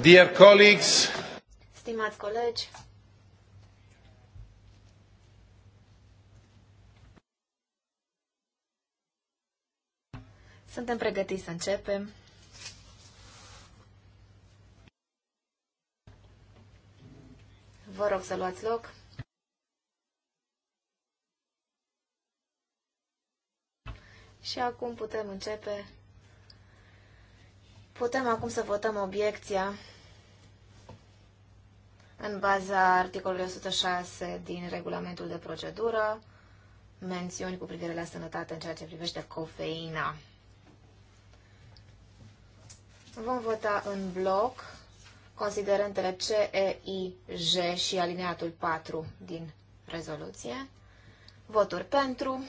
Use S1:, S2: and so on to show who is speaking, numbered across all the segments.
S1: Dear colleagues,
S2: Stimați colegi, suntem pregătiți să începem. Vă rog să luați loc. Și acum putem începe Putem acum să votăm obiecția în baza articolului 106 din regulamentul de procedură, mențiuni cu privire la sănătate în ceea ce privește cofeina. Vom vota în bloc considerentele C, E, I, J și alineatul 4 din rezoluție. Voturi pentru,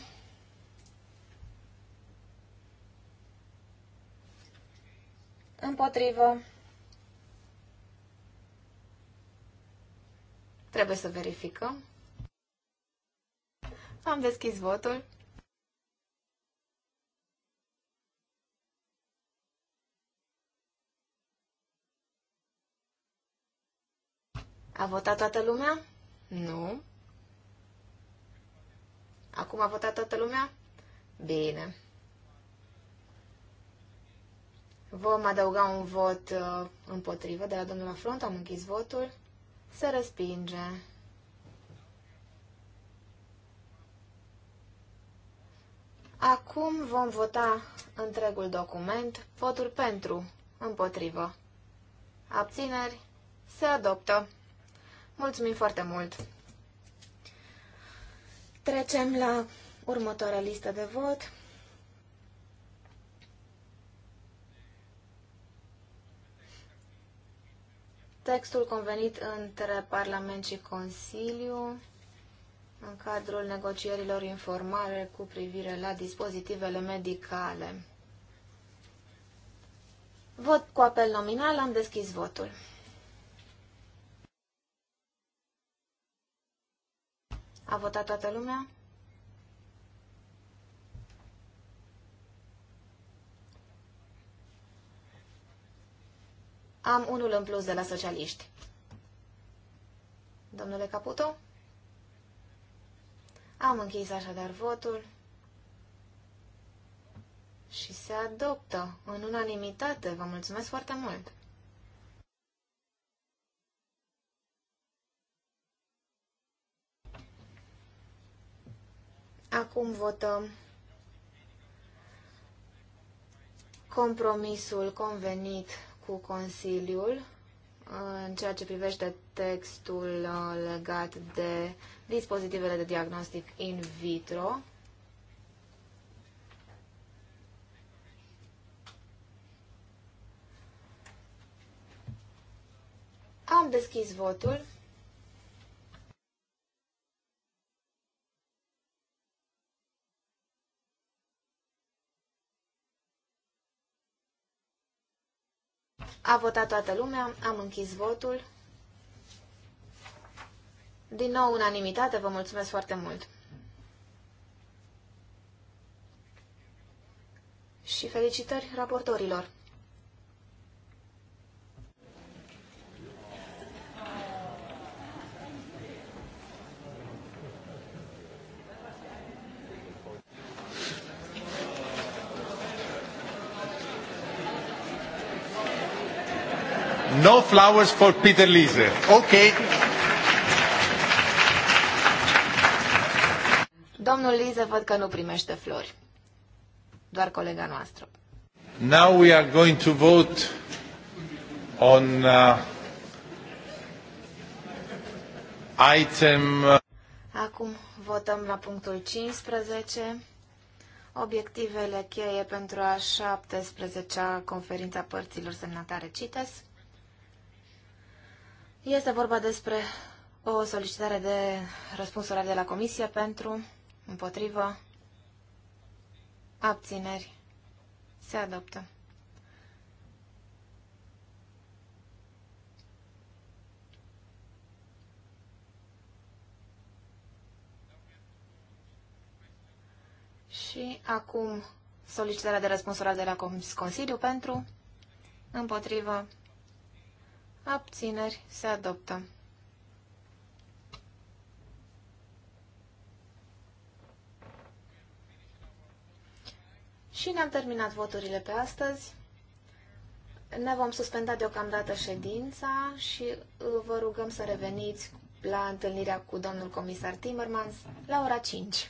S2: Împotrivă. Trebuie să verificăm. Am deschis votul. A votat toată lumea? Nu. Acum a votat toată lumea? Bine. Vom adăuga un vot uh, împotrivă de la domnul Afront. Am închis votul. Se respinge. Acum vom vota întregul document. Votul pentru, împotrivă. Abțineri. Se adoptă. Mulțumim foarte mult! Trecem la următoarea listă de vot. textul convenit între Parlament și Consiliu în cadrul negocierilor informale cu privire la dispozitivele medicale. Vot cu apel nominal, am deschis votul. A votat toată lumea? Am unul în plus de la socialiști. Domnule Caputo? Am închis așadar votul și se adoptă în unanimitate. Vă mulțumesc foarte mult! Acum votăm compromisul convenit cu Consiliul în ceea ce privește textul uh, legat de dispozitivele de diagnostic in vitro. Am deschis votul. A votat toată lumea, am închis votul. Din nou unanimitate, vă mulțumesc foarte mult. Și felicitări raportorilor.
S3: No flowers for Peter Lise.
S1: Ok.
S2: Domnul Lise văd că nu primește flori. Doar colega noastră.
S3: Now we are going to vote on uh, item uh,
S2: Acum votăm la punctul 15. Obiectivele cheie pentru a 17-a conferința părților semnatare CITES. Este vorba despre o solicitare de răspuns oral de la Comisie pentru, împotrivă, abțineri. Se adoptă. Și acum solicitarea de răspuns oral de la Consiliu pentru, împotrivă, abțineri, se adoptă. Și ne-am terminat voturile pe astăzi. Ne vom suspenda deocamdată ședința și uh, vă rugăm să reveniți la întâlnirea cu domnul comisar Timmermans la ora 5.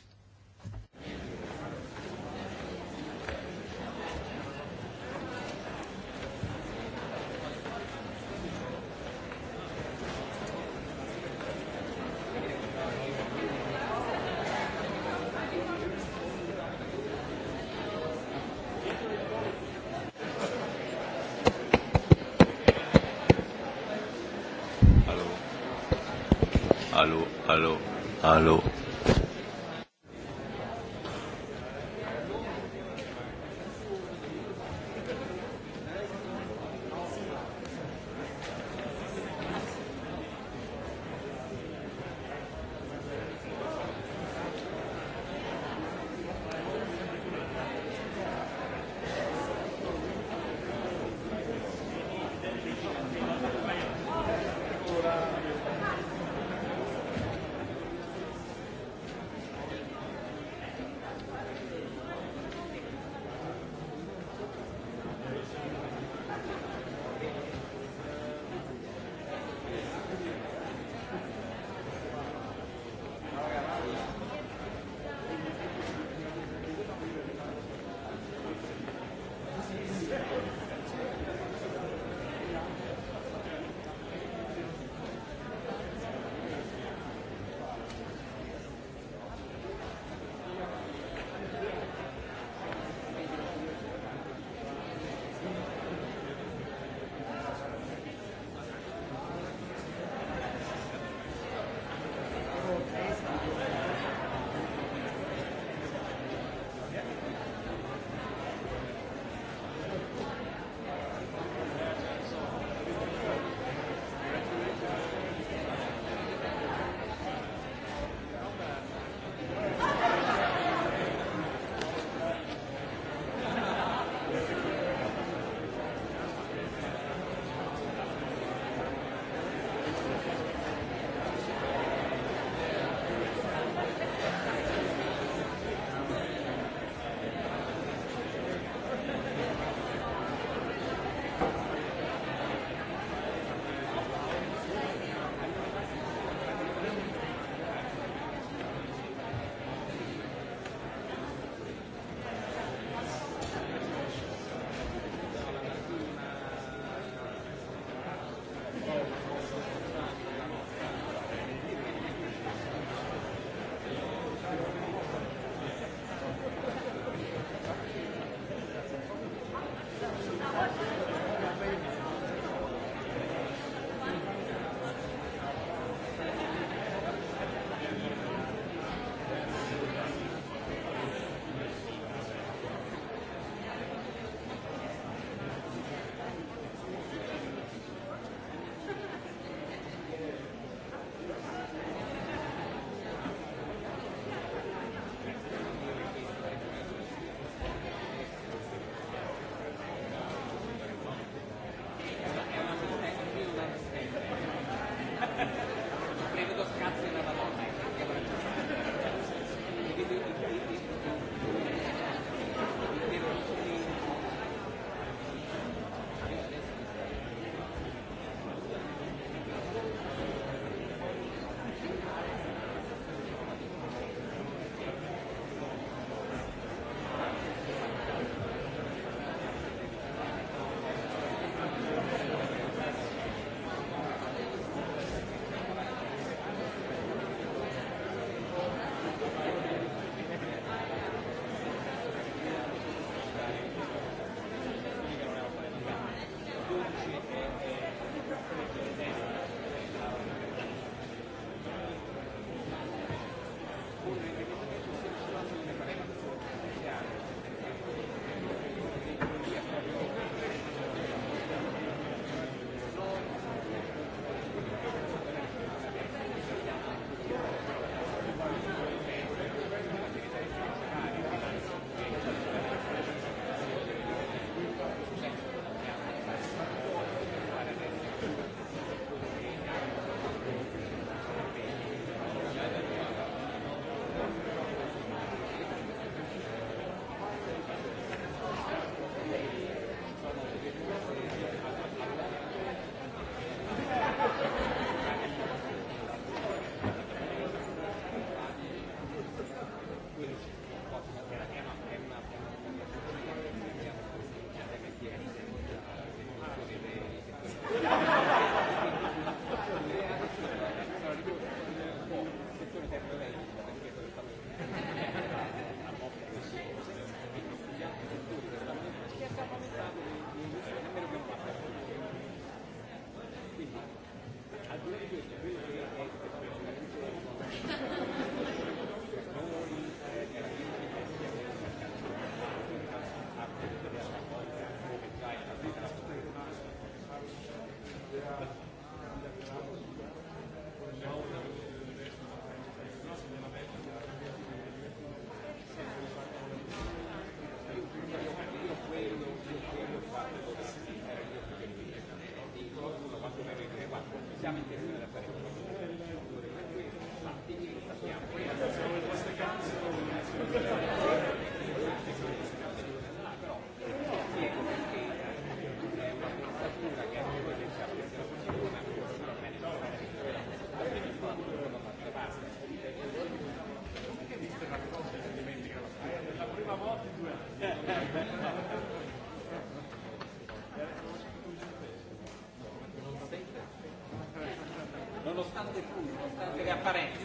S3: delle apparenze.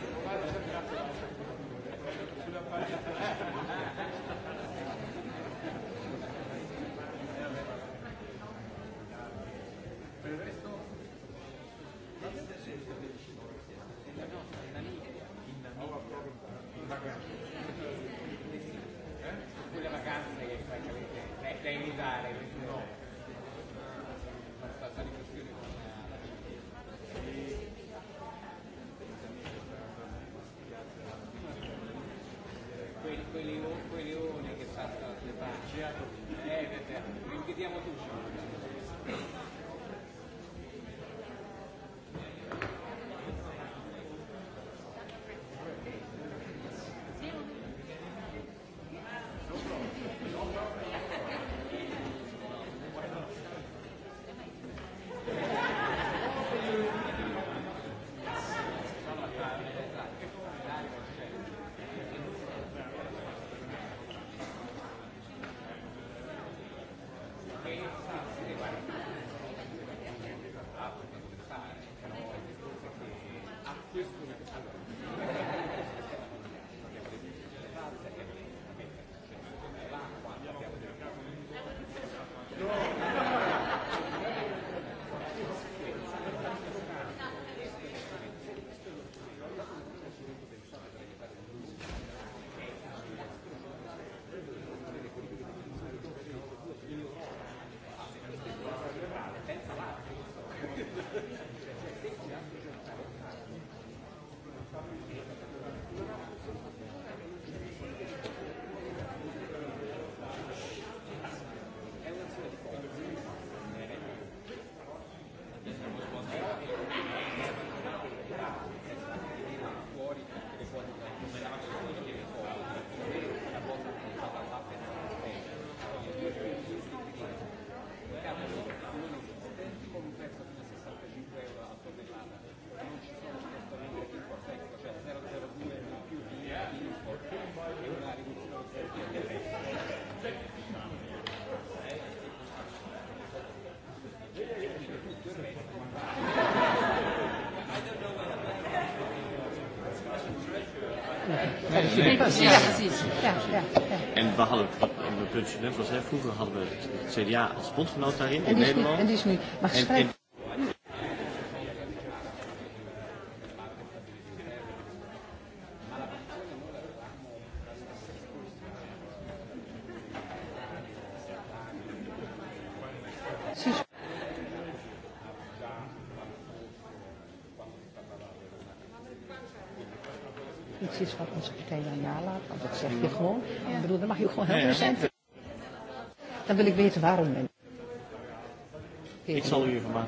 S3: En
S2: we hadden een en punt net was, vroeger hadden we het CDA als bondgenoot daarin en in Nederland. Nu, en die is nu. Maar geschreven.
S3: warmen. Ik zal u even maken.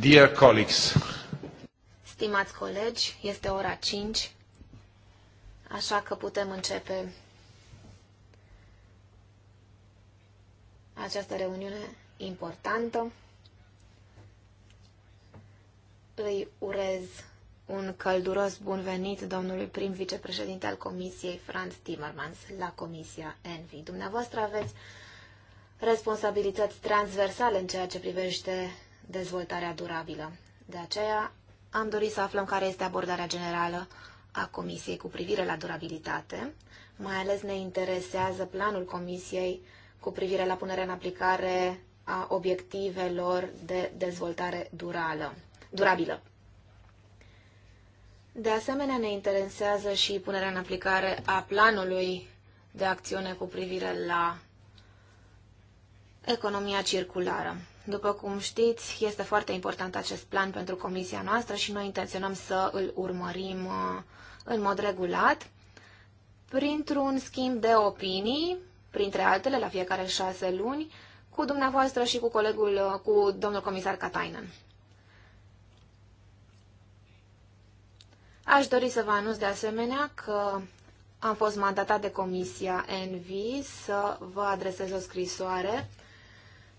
S1: Dear colleagues.
S2: Stimați colegi, este ora 5, așa că putem începe această reuniune importantă. Îi urez un călduros bun venit domnului prim vicepreședinte al Comisiei Franz Timmermans la Comisia Envi. Dumneavoastră aveți responsabilități transversale în ceea ce privește dezvoltarea durabilă. De aceea am dorit să aflăm care este abordarea generală a Comisiei cu privire la durabilitate. Mai ales ne interesează planul Comisiei cu privire la punerea în aplicare a obiectivelor de dezvoltare durală, durabilă. De asemenea, ne interesează și punerea în aplicare a planului de acțiune cu privire la economia circulară. După cum știți, este foarte important acest plan pentru comisia noastră și noi intenționăm să îl urmărim uh, în mod regulat printr-un schimb de opinii, printre altele, la fiecare șase luni, cu dumneavoastră și cu colegul, uh, cu domnul comisar Katainen. Aș dori să vă anunț de asemenea că am fost mandatat de Comisia NV să vă adresez o scrisoare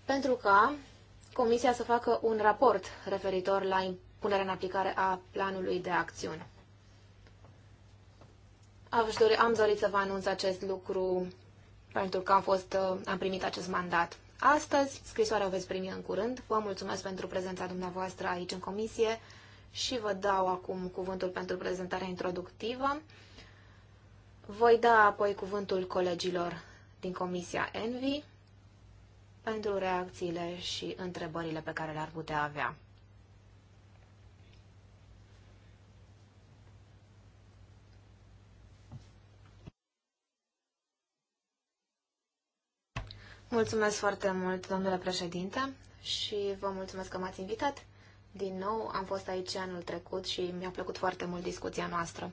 S2: pentru că Comisia să facă un raport referitor la punerea în aplicare a planului de acțiune. am dorit să vă anunț acest lucru pentru că am, fost, am primit acest mandat. Astăzi, scrisoarea o veți primi în curând. Vă mulțumesc pentru prezența dumneavoastră aici în comisie și vă dau acum cuvântul pentru prezentarea introductivă. Voi da apoi cuvântul colegilor din Comisia Envi pentru reacțiile și întrebările pe care le-ar putea avea. Mulțumesc foarte mult, domnule președinte, și vă mulțumesc că m-ați invitat. Din nou, am fost aici anul trecut și mi-a plăcut foarte mult discuția noastră.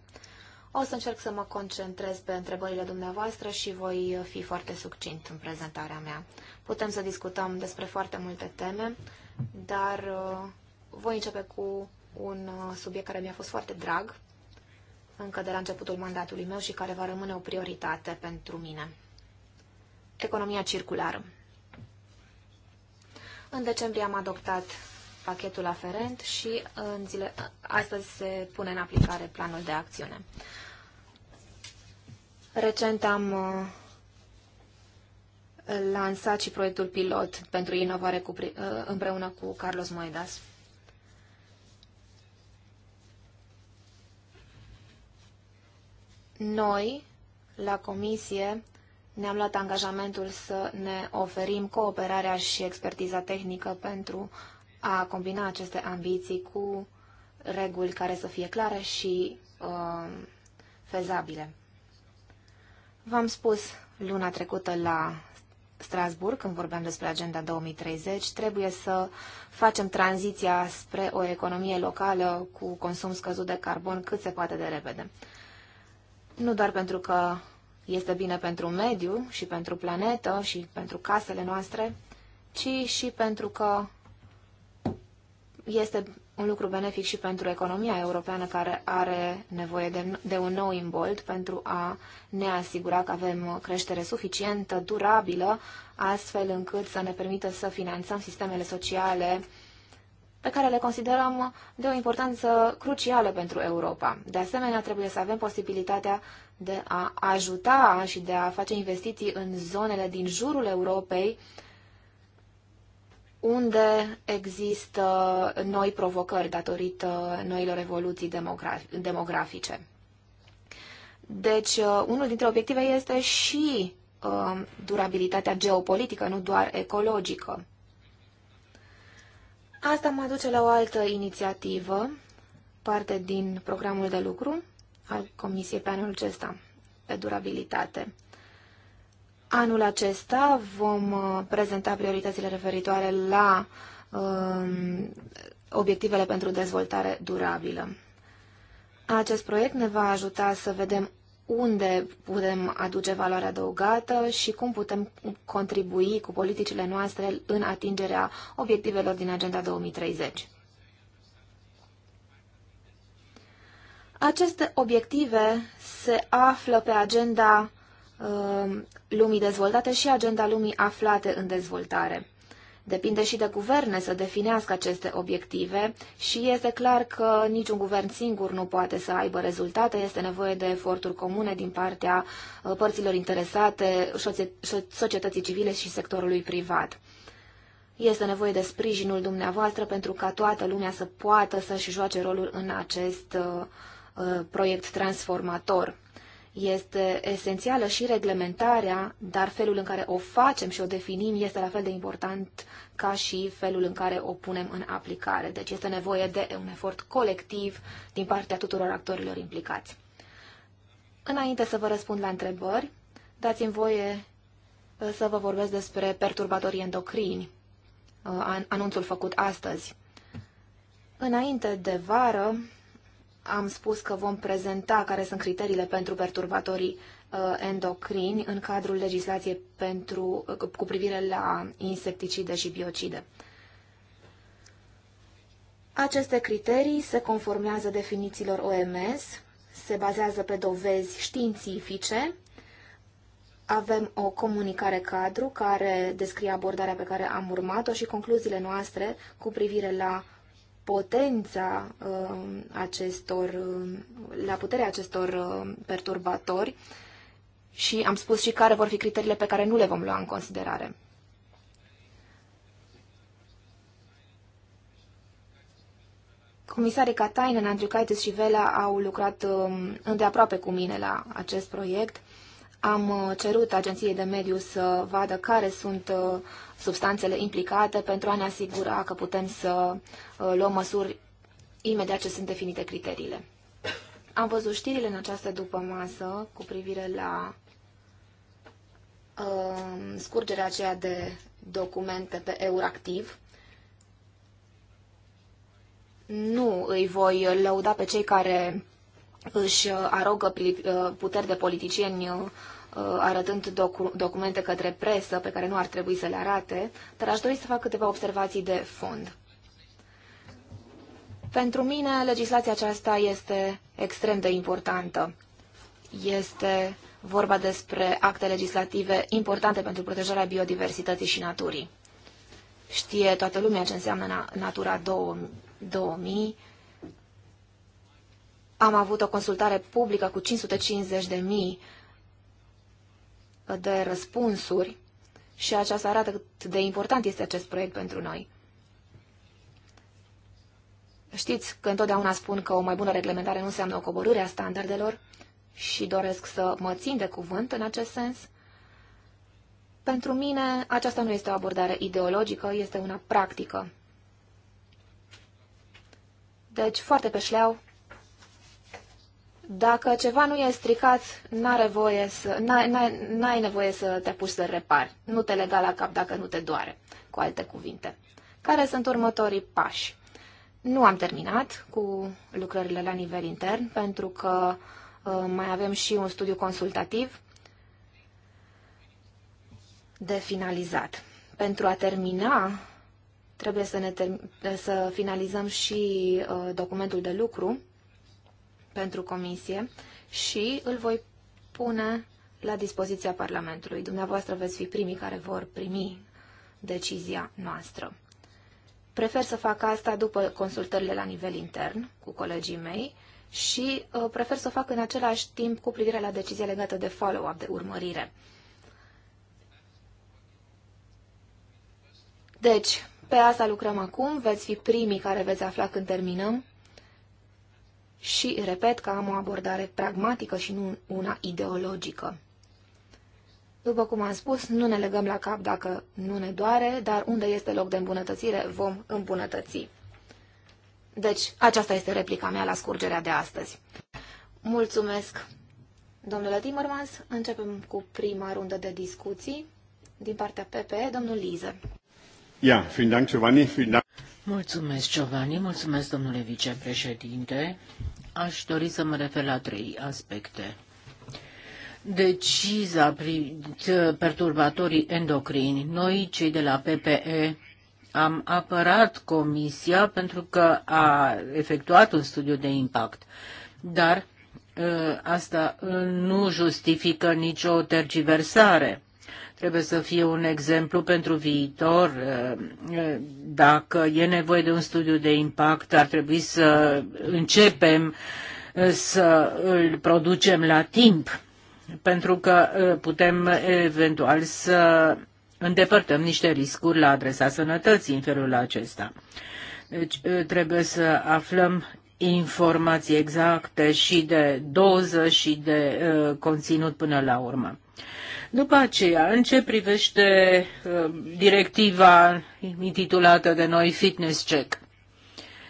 S2: O să încerc să mă concentrez pe întrebările dumneavoastră și voi fi foarte succint în prezentarea mea. Putem să discutăm despre foarte multe teme, dar uh, voi începe cu un uh, subiect care mi-a fost foarte drag încă de la începutul mandatului meu și care va rămâne o prioritate pentru mine. Economia circulară. În decembrie am adoptat pachetul aferent și uh, în zile, astăzi se pune în aplicare planul de acțiune. Recent am lansat și proiectul pilot pentru inovare cu, uh, împreună cu Carlos Moedas. Noi, la comisie, ne-am luat angajamentul să ne oferim cooperarea și expertiza tehnică pentru a combina aceste ambiții cu reguli care să fie clare și uh, fezabile. V-am spus luna trecută la Strasburg, când vorbeam despre Agenda 2030, trebuie să facem tranziția spre o economie locală cu consum scăzut de carbon cât se poate de repede. Nu doar pentru că este bine pentru mediu și pentru planetă și pentru casele noastre, ci și pentru că este un lucru benefic și pentru economia europeană care are nevoie de, de un nou imbold pentru a ne asigura că avem creștere suficientă, durabilă, astfel încât să ne permită să finanțăm sistemele sociale pe care le considerăm de o importanță crucială pentru Europa. De asemenea, trebuie să avem posibilitatea de a ajuta și de a face investiții în zonele din jurul Europei, unde există noi provocări datorită noilor evoluții demografice. Deci, uh, unul dintre obiective este și um, durabilitatea geopolitică, nu doar ecologică. Asta mă duce la o altă inițiativă, parte din programul de lucru al Comisiei pe anul acesta, pe durabilitate. Anul acesta vom uh, prezenta prioritățile referitoare la um, obiectivele pentru dezvoltare durabilă. Acest proiect ne va ajuta să vedem unde putem aduce valoare adăugată și cum putem contribui cu politicile noastre în atingerea obiectivelor din Agenda 2030. Aceste obiective se află pe agenda Um, lumii dezvoltate și agenda lumii aflate în dezvoltare. Depinde și de guverne să definească aceste obiective și este clar că niciun guvern singur nu poate să aibă rezultate, este nevoie de eforturi comune din partea uh, părților interesate, societății civile și sectorului privat. Este nevoie de sprijinul dumneavoastră pentru ca toată lumea să poată să-și joace rolul în acest uh, uh, proiect transformator este esențială și reglementarea, dar felul în care o facem și o definim este la fel de important ca și felul în care o punem în aplicare. Deci este nevoie de un efort colectiv din partea tuturor actorilor implicați. Înainte să vă răspund la întrebări, dați-mi voie uh, să vă vorbesc despre perturbatorii endocrini, uh, anunțul făcut astăzi. Înainte de vară, am spus că vom prezenta care sunt criteriile pentru perturbatorii uh, endocrini în cadrul legislației pentru, uh, cu privire la insecticide și biocide. Aceste criterii se conformează definițiilor OMS, se bazează pe dovezi științifice. Avem o comunicare cadru care descrie abordarea pe care am urmat-o și concluziile noastre cu privire la potența um, acestor, um, la puterea acestor um, perturbatori și am spus și care vor fi criteriile pe care nu le vom lua în considerare. Comisarii Katainen, Andriukaitis și Vela au lucrat îndeaproape cu mine la acest proiect. Am uh, cerut Agenției de Mediu să vadă care sunt uh, substanțele implicate pentru a ne asigura că putem să uh, luăm măsuri imediat ce sunt definite criteriile. Am văzut știrile în această după masă cu privire la uh, scurgerea aceea de documente pe Euractiv. Nu îi voi lăuda pe cei care își uh, arogă uh, puteri de politicieni Uh, arătând docu- documente către presă pe care nu ar trebui să le arate, dar aș dori să fac câteva observații de fond. Pentru mine, legislația aceasta este extrem de importantă. Este vorba despre acte legislative importante pentru protejarea biodiversității și naturii. Știe toată lumea ce înseamnă Natura 2000. Am avut o consultare publică cu 550.000. de de răspunsuri și aceasta arată cât de important este acest proiect pentru noi. Știți că întotdeauna spun că o mai bună reglementare nu înseamnă o coborâre a standardelor și doresc să mă țin de cuvânt în acest sens. Pentru mine, aceasta nu este o abordare ideologică, este una practică. Deci, foarte pe șleau, dacă ceva nu e stricat, n-are voie să, n-ai, nevoie să te pui să repari. Nu te lega la cap dacă nu te doare, cu alte cuvinte. Care sunt următorii pași? Nu am terminat cu lucrările la nivel intern, pentru că uh, mai avem și un studiu consultativ de finalizat. Pentru a termina, trebuie să, ne term- să finalizăm și uh, documentul de lucru pentru comisie și îl voi pune la dispoziția Parlamentului. Dumneavoastră veți fi primii care vor primi decizia noastră. Prefer să fac asta după consultările la nivel intern cu colegii mei și uh, prefer să o fac în același timp cu privire la decizia legată de follow-up, de urmărire. Deci, pe asta lucrăm acum, veți fi primii care veți afla când terminăm și repet că am o abordare pragmatică și nu una ideologică. După cum am spus, nu ne legăm la cap dacă nu ne doare, dar unde este loc de îmbunătățire, vom îmbunătăți. Deci, aceasta este replica mea la scurgerea de astăzi. Mulțumesc, domnule Timmermans. Începem cu prima rundă de discuții din partea PPE, domnul Lize.
S1: Ja, vielen Dank, Giovanni. Vielen Dank.
S3: Mulțumesc, Giovanni, mulțumesc, domnule vicepreședinte. Aș dori să mă refer la trei aspecte. Deciza privind perturbatorii endocrini. Noi, cei de la PPE, am apărat Comisia pentru că a efectuat un studiu de impact, dar ă, asta nu justifică nicio tergiversare trebuie să fie un exemplu pentru viitor. Eh, eh, dacă e nevoie de un studiu de impact, ar trebui să începem eh, să îl producem la timp, pentru că putem eventual să îndepărtăm niște riscuri la adresa sănătății în felul acesta. Deci trebuie să aflăm informații exacte și de doză și de uh, conținut până la urmă. După aceea, în ce privește uh, directiva intitulată de noi Fitness Check,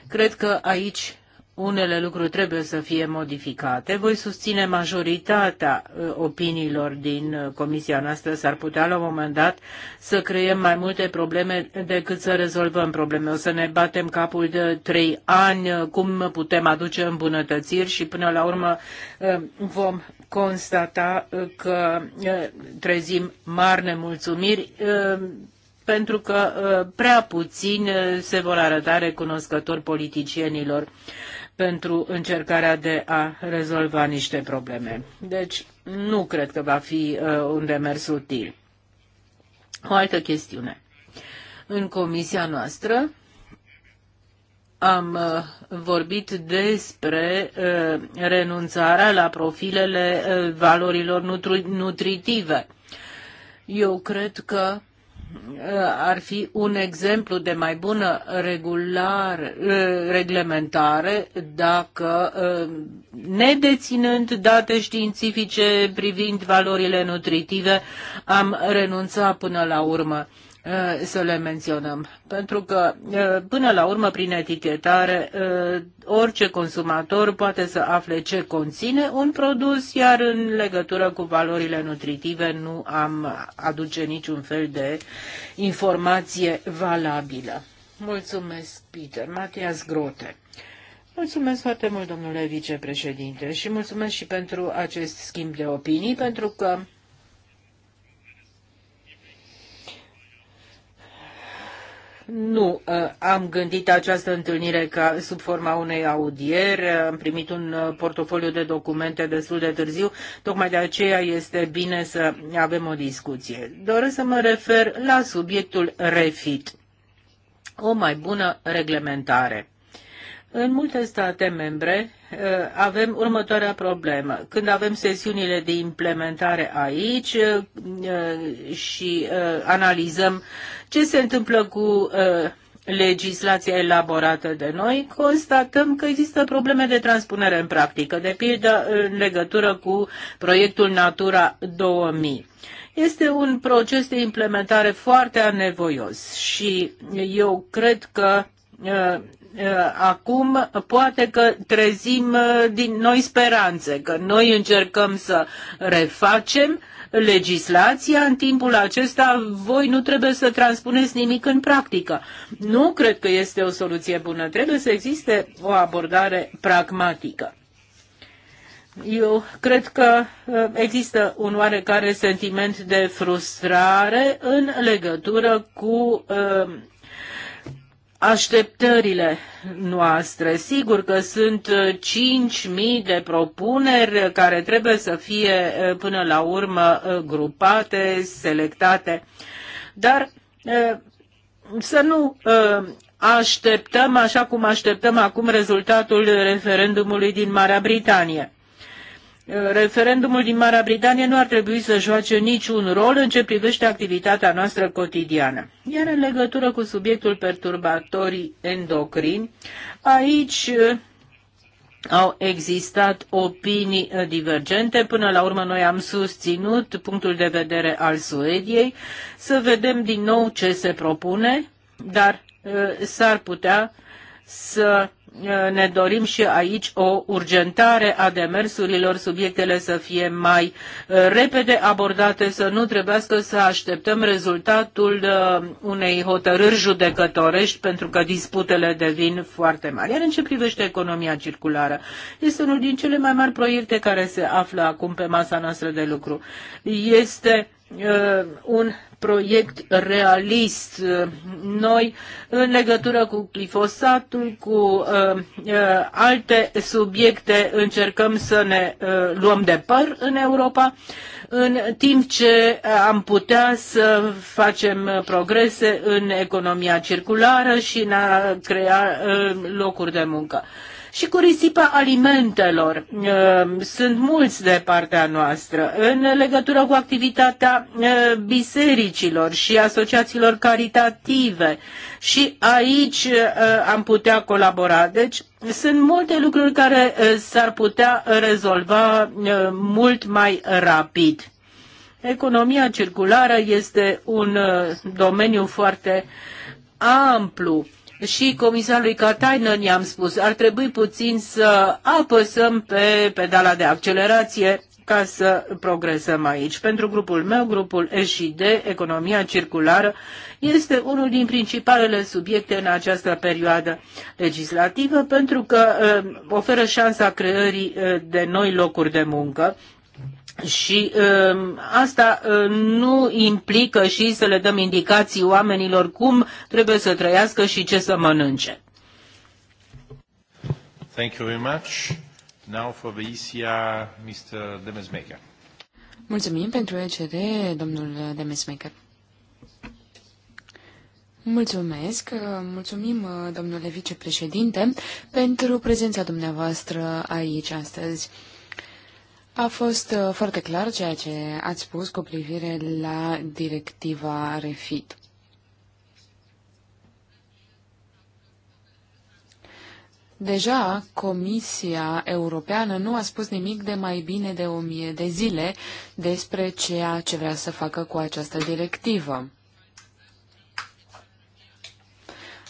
S3: cred că aici unele lucruri trebuie să fie modificate. Voi susține majoritatea uh, opiniilor din uh, comisia noastră. S-ar putea la un moment dat să creăm mai multe probleme decât să rezolvăm probleme. O să ne batem capul de trei ani, uh, cum putem aduce îmbunătățiri și până la urmă vom constata uh, că uh, trezim mari nemulțumiri uh, pentru că prea puțin se vor arăta recunoscători politicienilor pentru încercarea de a rezolva niște probleme. Deci nu cred că va fi un demers util. O altă chestiune. În comisia noastră am uh, vorbit despre uh, renunțarea la profilele uh, valorilor nutri nutritive. Eu cred că ar fi un exemplu de mai bună regular, reglementare dacă, nedeținând date științifice privind valorile nutritive, am renunțat până la urmă Uh, să le menționăm. Pentru că, uh, până la urmă, prin etichetare, uh, orice consumator poate să afle ce conține un produs, iar în legătură cu valorile nutritive nu am aduce niciun fel de informație valabilă. Mulțumesc, Peter. Matias Grote. Mulțumesc foarte mult, domnule vicepreședinte, și mulțumesc și pentru acest schimb de opinii, pentru că Nu uh, am gândit această întâlnire ca sub forma unei audieri. Am primit un uh, portofoliu de documente destul de târziu. Tocmai de aceea este bine să avem o discuție. Doresc să mă refer la subiectul refit. O mai bună reglementare. În multe state membre eh, avem următoarea problemă. Când avem sesiunile de implementare aici eh, și eh, analizăm ce se întâmplă cu legislația elaborată de noi, constatăm că există probleme de transpunere în practică, de pildă în legătură cu proiectul Natura 2000. Este un proces de implementare foarte anevoios și eu cred că Eh, acum poate că trezim eh, din noi speranțe, că noi încercăm să refacem legislația, în timpul acesta voi nu trebuie să transpuneți nimic în practică. Nu cred că este o soluție bună. Trebuie să existe o abordare pragmatică. Eu cred că eh, există un oarecare sentiment de frustrare în legătură cu așteptările noastre. Sigur că sunt 5.000 uh, de propuneri care trebuie să fie uh, până la urmă uh, grupate, selectate, dar să nu așteptăm așa cum așteptăm acum rezultatul referendumului din Marea Britanie referendumul din Marea Britanie nu ar trebui să joace niciun rol în ce privește activitatea noastră cotidiană. Iar în legătură cu subiectul perturbatorii endocrini, aici uh, au existat opinii uh, divergente. Până la urmă noi am susținut punctul de vedere al Suediei. Să vedem din nou ce se propune, dar uh, s-ar putea să ne dorim și aici o urgentare a demersurilor, subiectele să fie mai uh, repede abordate, să nu trebuiască să așteptăm rezultatul uh, unei hotărâri judecătorești, pentru că disputele devin foarte mari. Iar în ce privește economia circulară, este unul din cele mai mari proiecte care se află acum pe masa noastră de lucru. Este uh, un proiect realist. Uh, noi, în legătură cu glifosatul, cu uh, uh, alte subiecte, încercăm să ne uh, luăm de păr în Europa, în timp ce am putea să facem progrese în economia circulară și în a crea uh, locuri de muncă. Uh, și cu risipa alimentelor. Uh, sunt mulți de partea noastră în legătură cu activitatea uh, bisericilor și asociațiilor caritative și aici uh, am putea colabora. Deci sunt multe lucruri care s-ar putea rezolva mult mai rapid. Economia circulară este un domeniu foarte amplu și comisarului Katainen i-am spus, ar trebui puțin să apăsăm pe pedala de accelerație ca să progresăm aici. Pentru grupul meu, grupul SID, economia circulară, este unul din principalele subiecte în această perioadă legislativă pentru că uh, oferă șansa creării uh, de noi locuri de muncă și um, asta uh, nu implică și să le dăm indicații oamenilor cum trebuie să trăiască și ce să mănânce. Thank you very much. Now for the ECR, Mr. Demesmaker.
S1: Mulțumim pentru ECR, domnul Demesmaker. Mulțumesc, mulțumim, domnule vicepreședinte, pentru prezența dumneavoastră aici astăzi. A fost uh, foarte clar ceea ce ați spus cu privire la directiva REFIT. Deja Comisia Europeană nu a spus nimic de mai bine de o mie de zile despre ceea ce vrea să facă cu această directivă.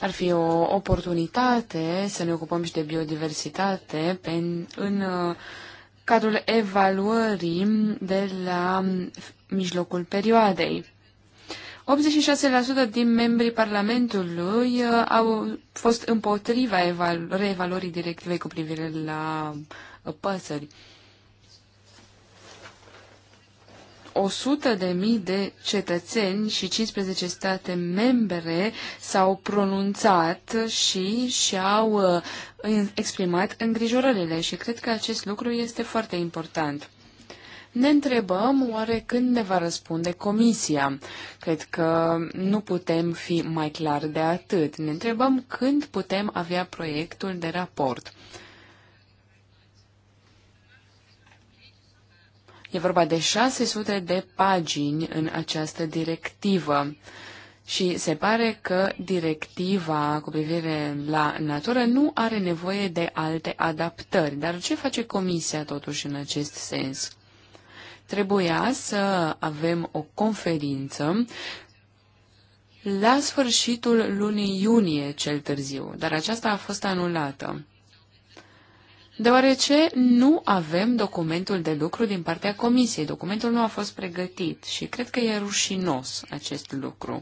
S1: Ar fi o oportunitate să ne ocupăm și de biodiversitate pe, în uh, cadrul evaluării de la mijlocul perioadei. 86% din membrii Parlamentului uh, au fost împotriva reevaluării directivei cu privire la uh, păsări. 100.000 de mii de cetățeni și 15 state membre s-au pronunțat și și-au uh, exprimat îngrijorările și cred că acest lucru este foarte important. Ne întrebăm oare când ne va răspunde comisia. Cred că nu putem fi mai clar de atât. Ne întrebăm când putem avea proiectul de raport. E vorba de 600 de pagini în această directivă. Și se pare că directiva cu privire la natură nu are nevoie de alte adaptări. Dar ce face Comisia totuși în acest sens? Trebuia să avem o conferință la sfârșitul lunii iunie cel târziu, dar aceasta a fost anulată deoarece nu avem documentul de lucru din partea comisiei. Documentul nu a fost pregătit și cred că e rușinos acest lucru.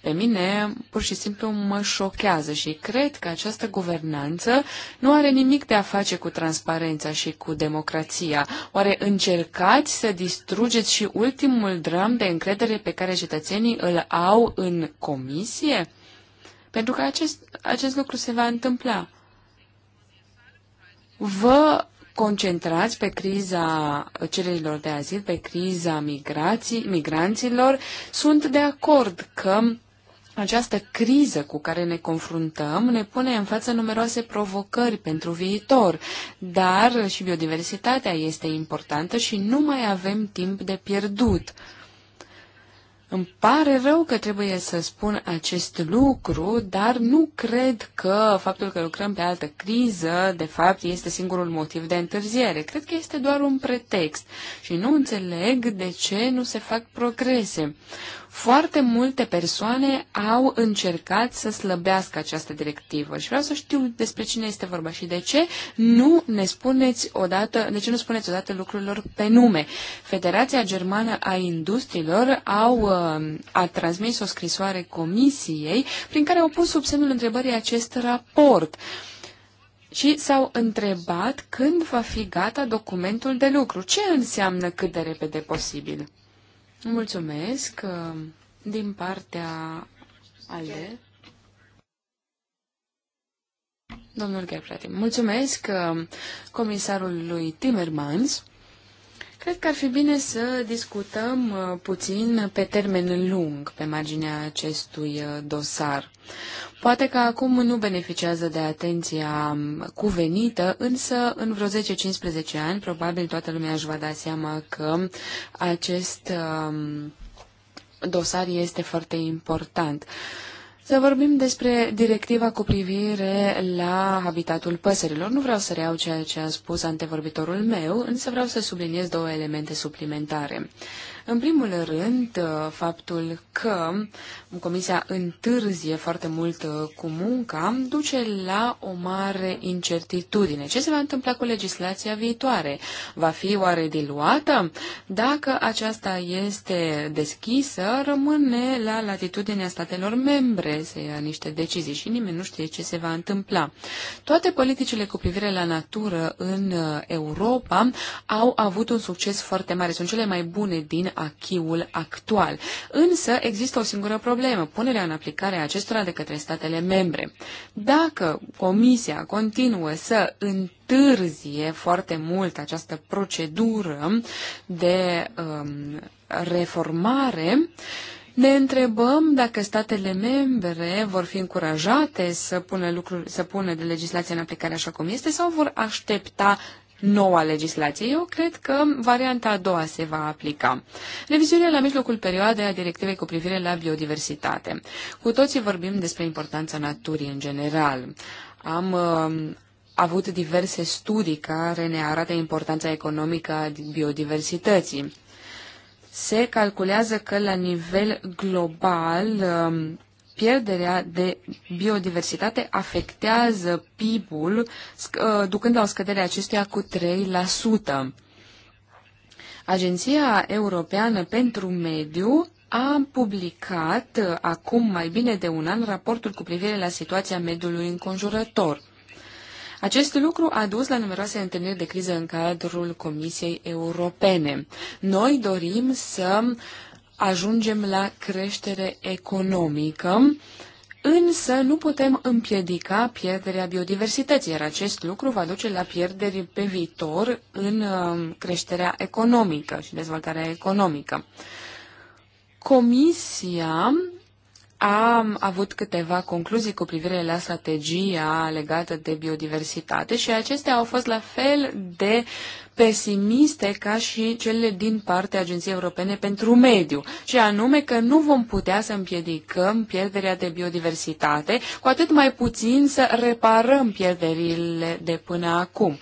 S1: Pe mine pur și simplu mă șochează și cred că această guvernanță nu are nimic de a face cu transparența și cu democrația. Oare încercați să distrugeți și ultimul dram de încredere pe care cetățenii îl au în comisie? Pentru că acest, acest lucru se va întâmpla vă concentrați pe criza cererilor de azil, pe criza migrații, migranților. Sunt de acord că această criză cu care ne confruntăm ne pune în față numeroase provocări pentru viitor, dar și biodiversitatea este importantă și nu mai avem timp de pierdut. Îmi pare rău că trebuie să spun acest lucru, dar nu cred că faptul că lucrăm pe altă criză, de fapt, este singurul motiv de întârziere. Cred că este doar un pretext și nu înțeleg de ce nu se fac progrese. Foarte multe persoane au încercat să slăbească această directivă și vreau să știu despre cine este vorba și de ce nu ne spuneți odată, de ce nu spuneți odată lucrurilor pe nume. Federația Germană a Industriilor au, uh, a transmis o scrisoare comisiei prin care au pus sub semnul întrebării acest raport și s-au întrebat când va fi gata documentul de lucru. Ce înseamnă cât de repede posibil? Mulțumesc uh, din partea ale domnul Gerbrati. Mulțumesc uh, comisarului Timmermans Cred că ar fi bine să discutăm uh, puțin pe termen lung pe marginea acestui uh, dosar. Poate că acum nu beneficiază de atenția um, cuvenită, însă în vreo 10-15 ani probabil toată lumea își va da seama că acest um, dosar este foarte important. Uh, să vorbim despre directiva cu privire la habitatul păsărilor. Nu vreau să reau ceea ce a spus antevorbitorul meu, însă vreau să subliniez două elemente suplimentare. În primul rând, uh, faptul că Comisia întârzie foarte mult uh, cu munca duce la o mare incertitudine. Ce se va întâmpla cu legislația viitoare? Va fi oare diluată? Dacă aceasta este deschisă, rămâne la latitudinea statelor membre să ia niște decizii și nimeni nu știe ce se va întâmpla. Toate politicile cu privire la natură în uh, Europa au avut un succes foarte mare. Sunt cele mai bune din în achiul actual. Însă există o singură problemă, punerea în aplicare a acestora de către statele membre. Dacă Comisia continuă să întârzie foarte mult această procedură de um, reformare, ne întrebăm dacă statele membre vor fi încurajate să pună, lucruri, să pună de legislație în aplicare așa cum este sau vor aștepta noua legislație. Eu cred că varianta a doua se va aplica. Revizuirea la mijlocul perioadei a directivei cu privire la biodiversitate. Cu toții vorbim despre importanța naturii în general. Am uh, avut diverse studii care ne arată importanța economică a biodiversității. Se calculează că la nivel global uh, pierderea de biodiversitate afectează PIB-ul, uh, ducând la o scădere acestuia cu 3%. Agenția Europeană pentru Mediu a publicat uh, acum mai bine de un an raportul cu privire la situația mediului înconjurător. Acest lucru a dus la numeroase întâlniri de criză în cadrul Comisiei Europene. Noi dorim să uh, ajungem la creștere economică, însă nu putem împiedica pierderea biodiversității, iar acest lucru va duce la pierderi pe viitor în um, creșterea economică și dezvoltarea economică. Comisia a avut câteva concluzii cu privire la strategia legată de biodiversitate și acestea au fost la fel de pesimiste ca și cele din partea Agenției Europene pentru Mediu, și anume că nu vom putea să împiedicăm pierderea de biodiversitate, cu atât mai puțin să reparăm pierderile de până acum.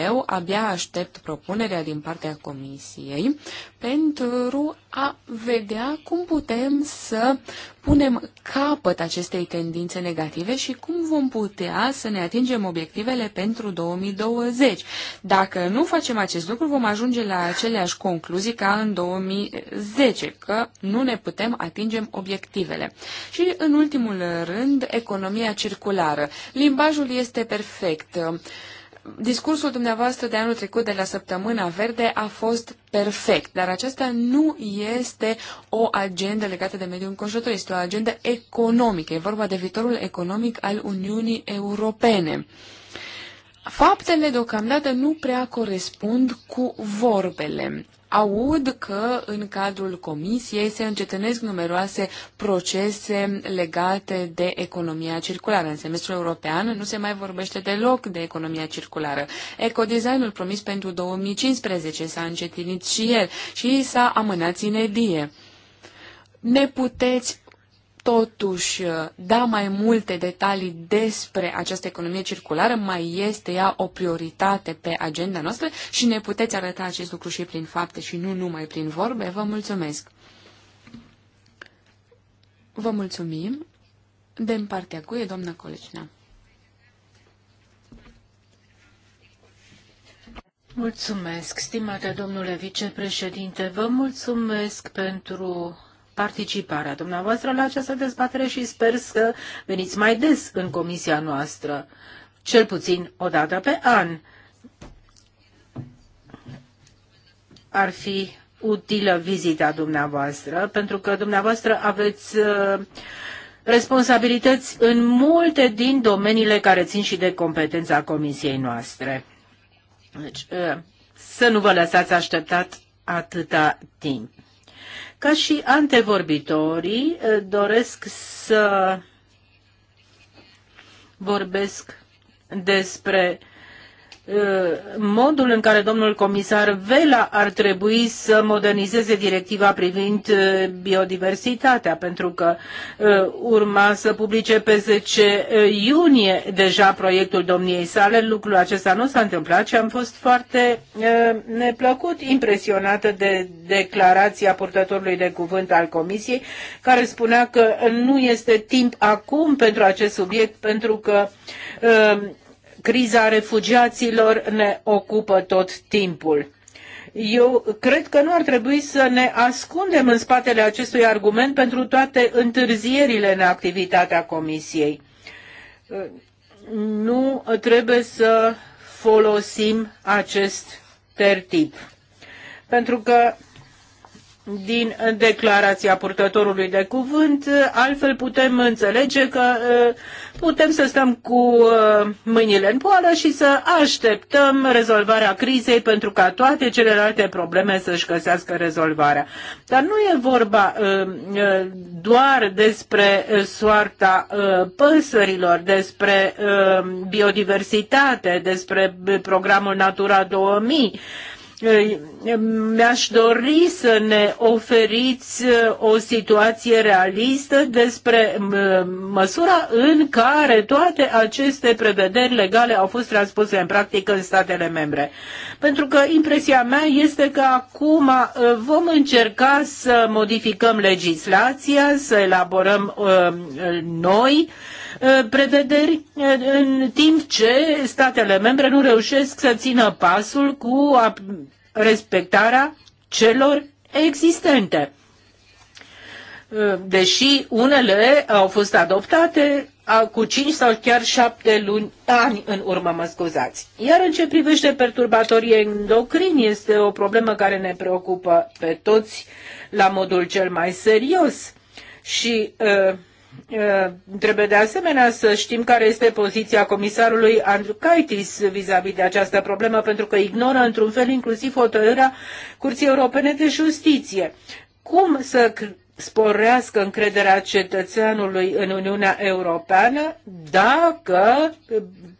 S1: Eu abia aștept propunerea din partea Comisiei pentru a vedea cum putem să punem capăt acestei tendințe negative și cum vom putea să ne atingem obiectivele pentru 2020. Dacă nu facem acest lucru, vom ajunge la aceleași concluzii ca în 2010, că nu ne putem atingem obiectivele. Și, în ultimul rând, economia circulară. Limbajul este perfect. Discursul dumneavoastră de anul trecut de la Săptămâna Verde a fost perfect, dar aceasta nu este o agendă legată de mediul înconjurător, este o agendă economică, e vorba de viitorul economic al Uniunii Europene. Faptele deocamdată nu prea corespund cu vorbele aud că în cadrul comisiei se încetănesc numeroase procese legate de economia circulară. În semestrul european nu se mai vorbește deloc de economia circulară. Ecodesignul promis pentru 2015 s-a încetinit și el și s-a amânat inedie. Ne puteți totuși da mai multe detalii despre această economie circulară, mai este ea o prioritate pe agenda noastră și ne puteți arăta acest lucru și prin fapte și nu numai prin vorbe. Vă mulțumesc! Vă mulțumim! De în partea cu e doamna Colecina. Mulțumesc, stimate domnule
S3: vicepreședinte, vă mulțumesc pentru participarea dumneavoastră la această dezbatere și sper să veniți mai des în comisia noastră, cel puțin o dată pe an. Ar fi utilă vizita dumneavoastră, pentru că dumneavoastră aveți uh, responsabilități în multe din domeniile care țin și de competența comisiei noastre. Deci, uh, să nu vă lăsați așteptat atâta timp. Ca și antevorbitorii, eh, doresc să vorbesc despre Uh, modul în care domnul comisar Vela ar trebui să modernizeze directiva privind uh, biodiversitatea, pentru că uh, urma să publice pe 10 iunie deja proiectul domniei sale. Lucrul acesta nu s-a întâmplat și am fost foarte neplăcut impresionată de declarația purtătorului de cuvânt al comisiei, care spunea că nu este timp acum pentru acest subiect, pentru că criza refugiaților ne ocupă tot timpul. Eu cred că nu ar trebui să ne ascundem în spatele acestui argument pentru toate întârzierile în activitatea Comisiei. Nu trebuie să folosim acest tertip. Pentru că din uh, declarația purtătorului de cuvânt, uh, altfel putem înțelege că uh, putem să stăm cu mâinile în poală și să așteptăm rezolvarea crizei pentru ca toate celelalte probleme să-și găsească rezolvarea. Dar nu e vorba doar despre soarta păsărilor, despre biodiversitate, despre programul Natura 2000, Eh, mi-aș dori să ne oferiți eh, o situație realistă despre eh, măsura în care toate aceste prevederi legale au fost transpuse în practică în statele membre. Pentru că impresia mea este că acum vom încerca să modificăm legislația, să elaborăm noi uh, Uh, prevederi, uh, în timp ce statele membre nu reușesc să țină pasul cu respectarea celor existente. Uh, deși unele au fost adoptate cu 5 sau chiar 7 luni, ani în urmă, mă scuzați. Iar în ce privește perturbatorii endocrini, este o problemă care ne preocupă pe toți la modul cel mai serios. Și uh, Trebuie de asemenea să știm care este poziția comisarului Andrukaitis vis-a-vis de această problemă, pentru că ignoră într-un fel inclusiv hotărârea Curții Europene de Justiție. Cum să sporească încrederea cetățeanului în Uniunea Europeană dacă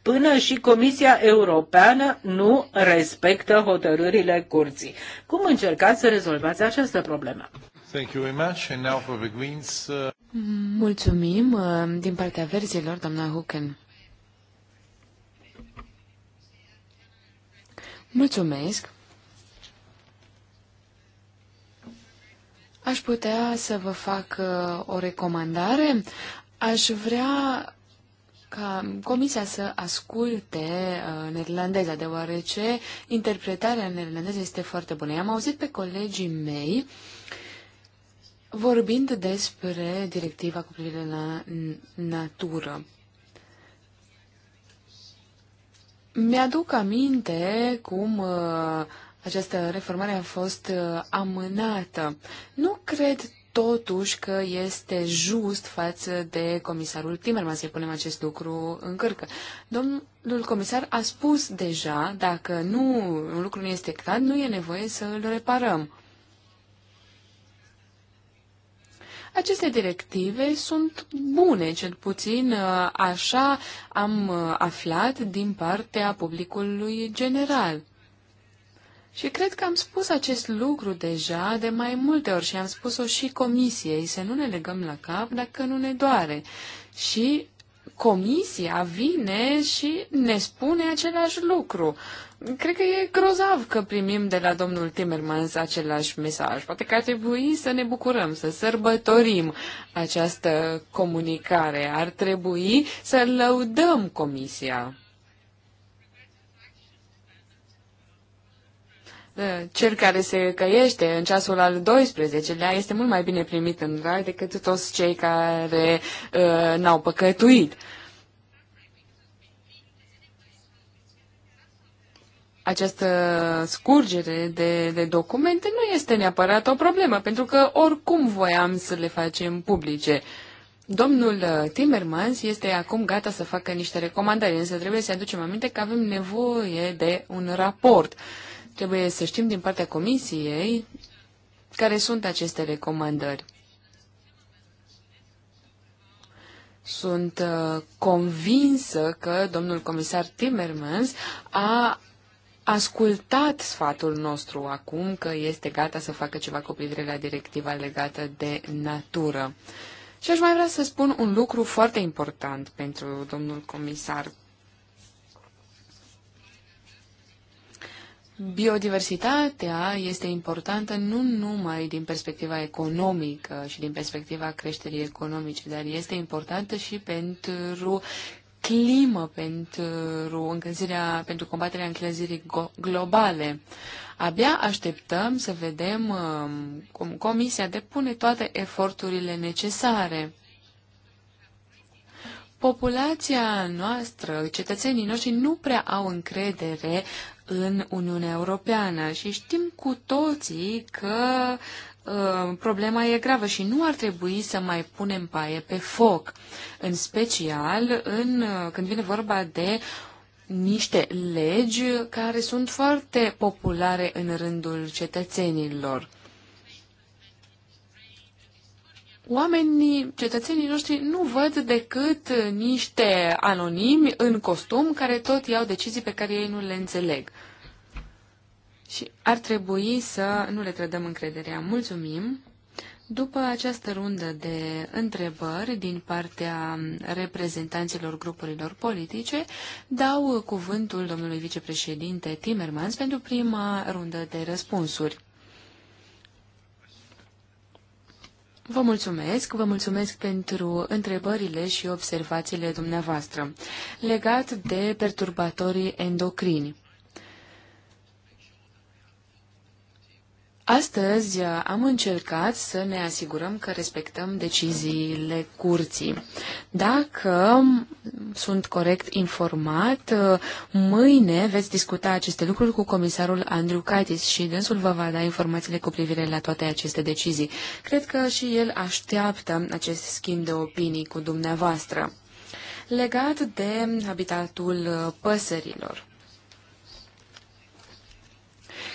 S3: până și Comisia Europeană nu respectă hotărârile curții. Cum încercați să rezolvați această problemă? Thank you very much. And now for the Greens. Uh...
S1: Mulțumim uh, din partea verzilor, doamna Hucken. Mulțumesc. Aș putea să vă fac uh, o recomandare. Aș vrea ca comisia să asculte uh, neerlandeza, deoarece interpretarea neerlandeză este foarte bună. I-am auzit pe colegii mei uh, Vorbind despre directiva cu privire la natură, mi-aduc aminte cum uh, această reformare a fost uh, amânată. Nu cred totuși că este just față de comisarul Timmermans să-i punem acest lucru în cărcă. Domnul comisar a spus deja, dacă nu, un lucru nu este clar, nu e nevoie să îl reparăm. Aceste directive sunt bune, cel puțin uh, așa am uh, aflat din partea publicului general. Și cred că am spus acest lucru deja de mai multe ori și am spus-o și comisiei, să nu ne legăm la cap dacă nu ne doare. Și comisia vine și ne spune același lucru. Cred că e grozav că primim de la domnul Timmermans același mesaj. Poate că ar trebui să ne bucurăm, să sărbătorim această comunicare. Ar trebui să lăudăm comisia. Eh, cel care se căiește în ceasul al 12-lea este mult mai bine primit în rai decât toți cei care uh, n-au păcătuit. Această scurgere de, de documente nu este neapărat o problemă, pentru că oricum voiam să le facem publice. Domnul eh, Timmermans este acum gata să facă niște recomandări, însă trebuie să aducem aminte că avem nevoie de un raport. Uh, Trebuie să știm din partea Comisiei care sunt aceste recomandări. Sunt uh, convinsă că domnul comisar Timmermans a ascultat sfatul nostru acum că este gata să facă ceva cu privire la directiva legată de natură. Și aș mai vrea să spun un lucru foarte important pentru domnul comisar Biodiversitatea este importantă nu numai din perspectiva economică și din perspectiva creșterii economice, dar este importantă și pentru climă, pentru, încălzirea, pentru combaterea încălzirii globale. Abia așteptăm să vedem um, cum Comisia depune toate eforturile necesare. Populația noastră, cetățenii noștri nu prea au încredere în Uniunea Europeană și știm cu toții că ă, problema e gravă și nu ar trebui să mai punem paie pe foc, în special în, când vine vorba de niște legi care sunt foarte populare în rândul cetățenilor oamenii, cetățenii noștri nu văd decât niște anonimi în costum care tot iau decizii pe care ei nu le înțeleg. Și ar trebui să nu le trădăm încrederea. Mulțumim! După această rundă de întrebări din partea reprezentanților grupurilor politice, dau cuvântul domnului vicepreședinte Timmermans pentru prima rundă de răspunsuri. Vă mulțumesc, vă mulțumesc pentru întrebările și observațiile dumneavoastră. Legat de perturbatorii endocrini, Astăzi uh, am încercat să ne asigurăm că respectăm deciziile curții. Dacă sunt corect informat, uh, mâine veți discuta aceste lucruri cu comisarul Andrew Catis și dânsul vă va da informațiile cu privire la toate aceste decizii. Cred că și el așteaptă acest schimb de opinii cu dumneavoastră. Legat de habitatul uh, păsărilor.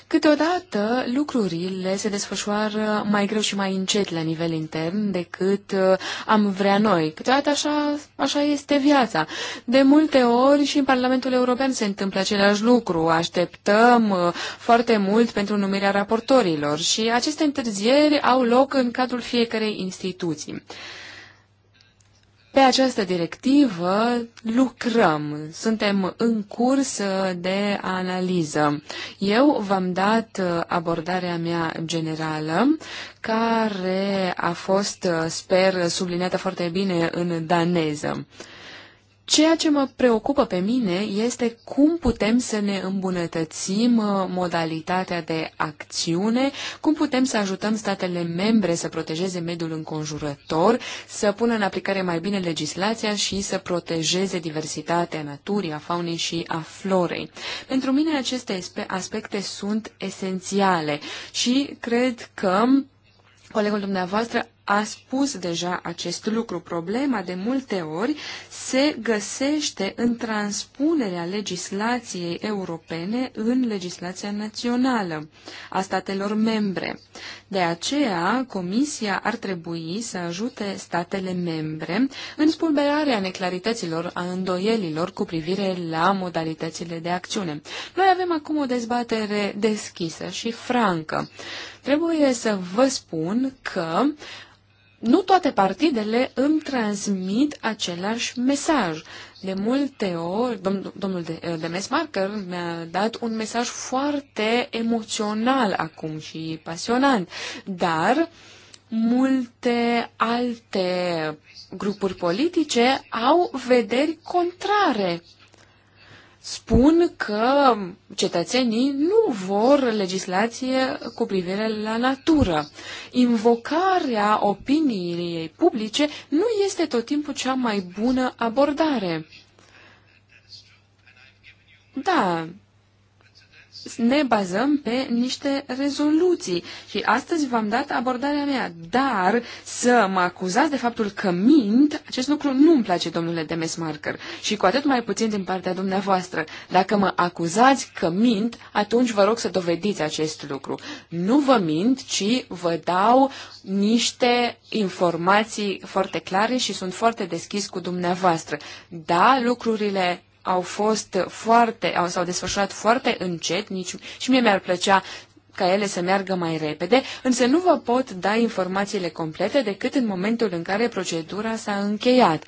S1: Câteodată lucrurile se desfășoară mai greu și mai încet la nivel intern decât uh, am vrea noi. Câteodată așa, așa este viața. De multe ori și în Parlamentul European se întâmplă același lucru. Așteptăm uh, foarte mult pentru numirea raportorilor și aceste întârzieri au loc în cadrul fiecarei instituții. Pe această directivă lucrăm, suntem în curs de analiză. Eu v-am dat abordarea mea generală, care a fost, sper, subliniată foarte bine în daneză. Ceea ce mă preocupă pe mine este cum putem să ne îmbunătățim uh, modalitatea de acțiune, cum putem să ajutăm statele membre să protejeze mediul înconjurător, să pună în aplicare mai bine legislația și să protejeze diversitatea naturii, a faunei și a florei. Pentru mine aceste aspecte sunt esențiale și cred că Colegul dumneavoastră a spus deja acest lucru. Problema de multe ori se găsește în transpunerea legislației europene în legislația națională a statelor membre. De aceea, Comisia ar trebui să ajute statele membre în spulberarea neclarităților, a îndoielilor cu privire la modalitățile de acțiune. Noi avem acum o dezbatere deschisă și francă. Trebuie să vă spun că nu toate partidele îmi transmit același mesaj. De multe ori, dom domnul de, eh, de Mesmarker mi-a dat un mesaj foarte emoțional acum și pasionant, dar multe alte grupuri politice au vederi contrare spun că cetățenii nu vor legislație cu privire la natură. Invocarea opiniei publice nu este tot timpul cea mai bună abordare. Da, ne bazăm pe niște rezoluții. Și astăzi v-am dat abordarea mea. Dar să mă acuzați de faptul că mint, acest lucru nu îmi place, domnule Marker, Și cu atât mai puțin din partea dumneavoastră. Dacă mă acuzați că mint, atunci vă rog să dovediți acest lucru. Nu vă mint, ci vă dau niște informații foarte clare și sunt foarte deschis cu dumneavoastră. Da, lucrurile au fost foarte, au, s-au desfășurat foarte încet nici, și mie mi-ar plăcea ca ele să meargă mai repede, însă nu vă pot da informațiile complete decât în momentul în care procedura s-a încheiat.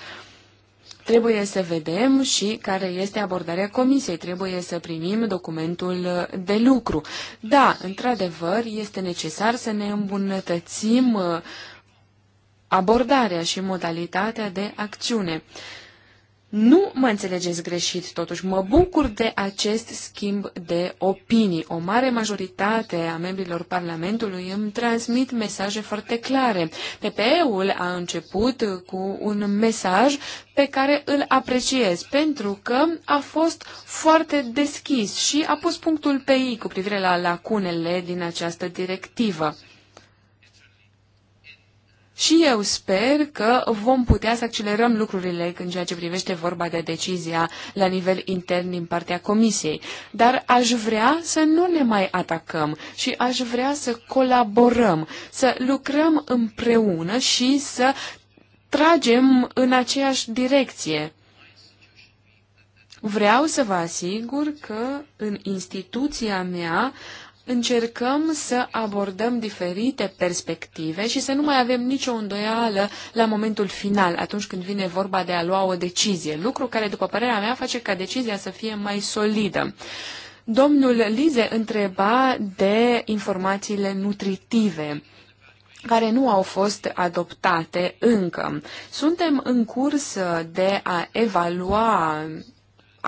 S1: Trebuie să vedem și care este abordarea comisiei. Trebuie să primim documentul de lucru. Da, într-adevăr, este necesar să ne îmbunătățim uh, abordarea și modalitatea de acțiune. Nu mă înțelegeți greșit, totuși mă bucur de acest schimb de opinii. O mare majoritate a membrilor Parlamentului îmi transmit mesaje foarte clare. PPE-ul a început cu un mesaj pe care îl apreciez, pentru că a fost foarte deschis și a pus punctul pe ei cu privire la lacunele din această directivă. Și eu sper că vom putea să accelerăm lucrurile în ceea ce privește vorba de decizia la nivel intern din partea Comisiei. Dar aș vrea să nu ne mai atacăm și aș vrea să colaborăm, să lucrăm împreună și să tragem în aceeași direcție. Vreau să vă asigur că în instituția mea încercăm să abordăm diferite perspective și să nu mai avem nicio îndoială la momentul final, atunci când vine vorba de a lua o decizie, lucru care, după părerea mea, face ca decizia să fie mai solidă. Domnul Lize întreba de informațiile nutritive care nu au fost adoptate încă. Suntem în curs de a evalua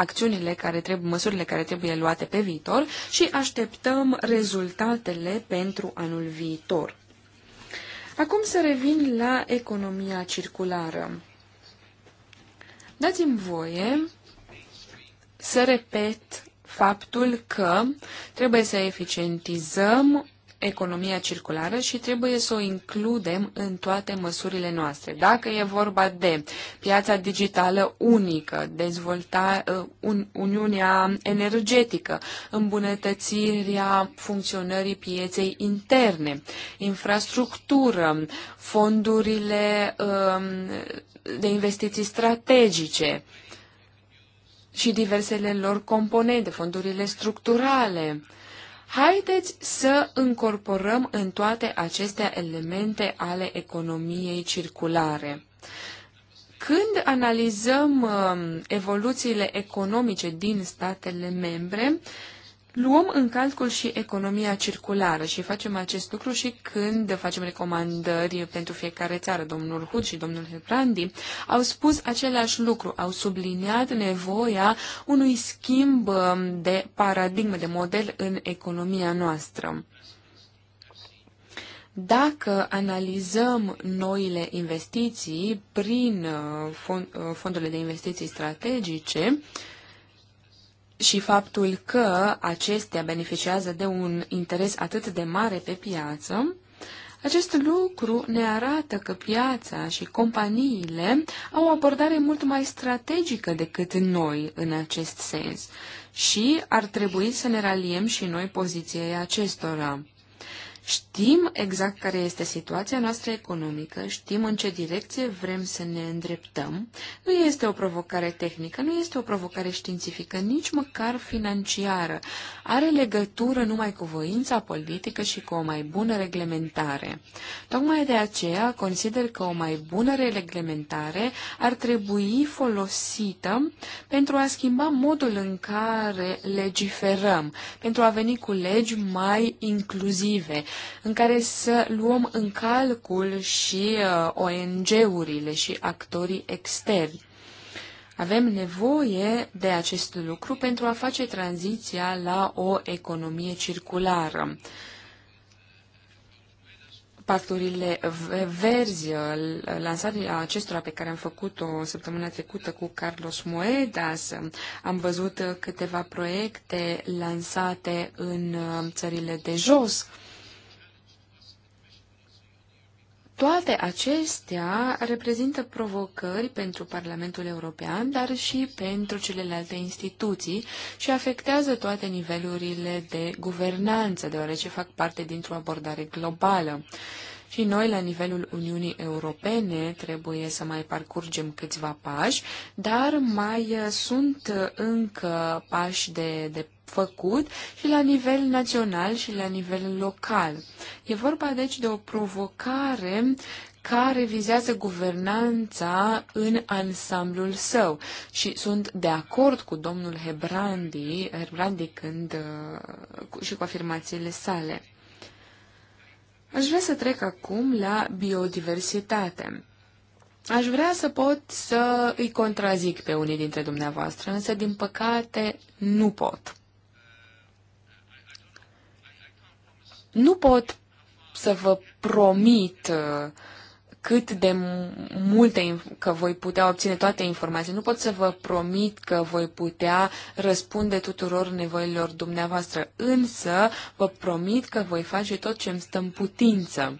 S1: acțiunile care trebuie, măsurile care trebuie luate pe viitor și așteptăm rezultatele pentru anul viitor. Acum să revin la economia circulară. Dați-mi voie să repet faptul că trebuie să eficientizăm economia circulară și trebuie să o includem în toate măsurile noastre. Dacă e vorba de piața digitală unică, dezvolta uh, un, Uniunea energetică, îmbunătățirea funcționării pieței interne, infrastructură, fondurile um, de investiții strategice, și diversele lor componente, fondurile structurale, Haideți să încorporăm în toate aceste elemente ale economiei circulare. Când analizăm um, evoluțiile economice din statele membre, Luăm în calcul și economia circulară și facem acest lucru și când facem recomandări pentru fiecare țară. Domnul Hud și domnul Hebrandi au spus același lucru, au subliniat nevoia unui schimb um, de paradigmă, de model în economia noastră. Dacă analizăm noile investiții prin uh, uh, fondurile de investiții strategice, și faptul că acestea beneficiază de un interes atât de mare pe piață, acest lucru ne arată că piața și companiile au o abordare mult mai strategică decât noi în acest sens și ar trebui să ne raliem și noi poziției acestora. Știm exact care este situația noastră economică, știm în ce direcție vrem să ne îndreptăm. Nu este o provocare tehnică, nu este o provocare științifică, nici măcar financiară. Are legătură numai cu voința politică și cu o mai bună reglementare. Tocmai de aceea consider că o mai bună reglementare ar trebui folosită pentru a schimba modul în care legiferăm, pentru a veni cu legi mai inclusive, în care să luăm în calcul și uh, ONG-urile și actorii externi. Avem nevoie de acest lucru pentru a face tranziția la o economie circulară. Pacturile verzi uh, lansarea acestora pe care am făcut-o săptămâna trecută cu Carlos Moedas. Um, am văzut uh, câteva proiecte lansate în țările de jos. Toate acestea reprezintă provocări pentru Parlamentul European, dar și pentru celelalte instituții și afectează toate nivelurile de guvernanță, deoarece fac parte dintr-o abordare globală și noi, la nivelul Uniunii Europene, trebuie să mai parcurgem câțiva pași, dar mai uh, sunt uh, încă pași de, de făcut și la nivel național și la nivel local. E vorba deci de o provocare care vizează guvernanța în ansamblul său. Și sunt de acord cu domnul Hebrandi, Hebrandi când, uh, și cu afirmațiile sale. Aș vrea să trec acum la biodiversitate. Aș vrea să pot să îi contrazic pe unii dintre dumneavoastră, însă, din păcate, nu pot. Nu pot să vă promit uh, cât de multe, că voi putea obține toate informații. Nu pot să vă promit că voi putea răspunde tuturor nevoilor dumneavoastră, însă vă promit că voi face tot ce îmi stă în putință.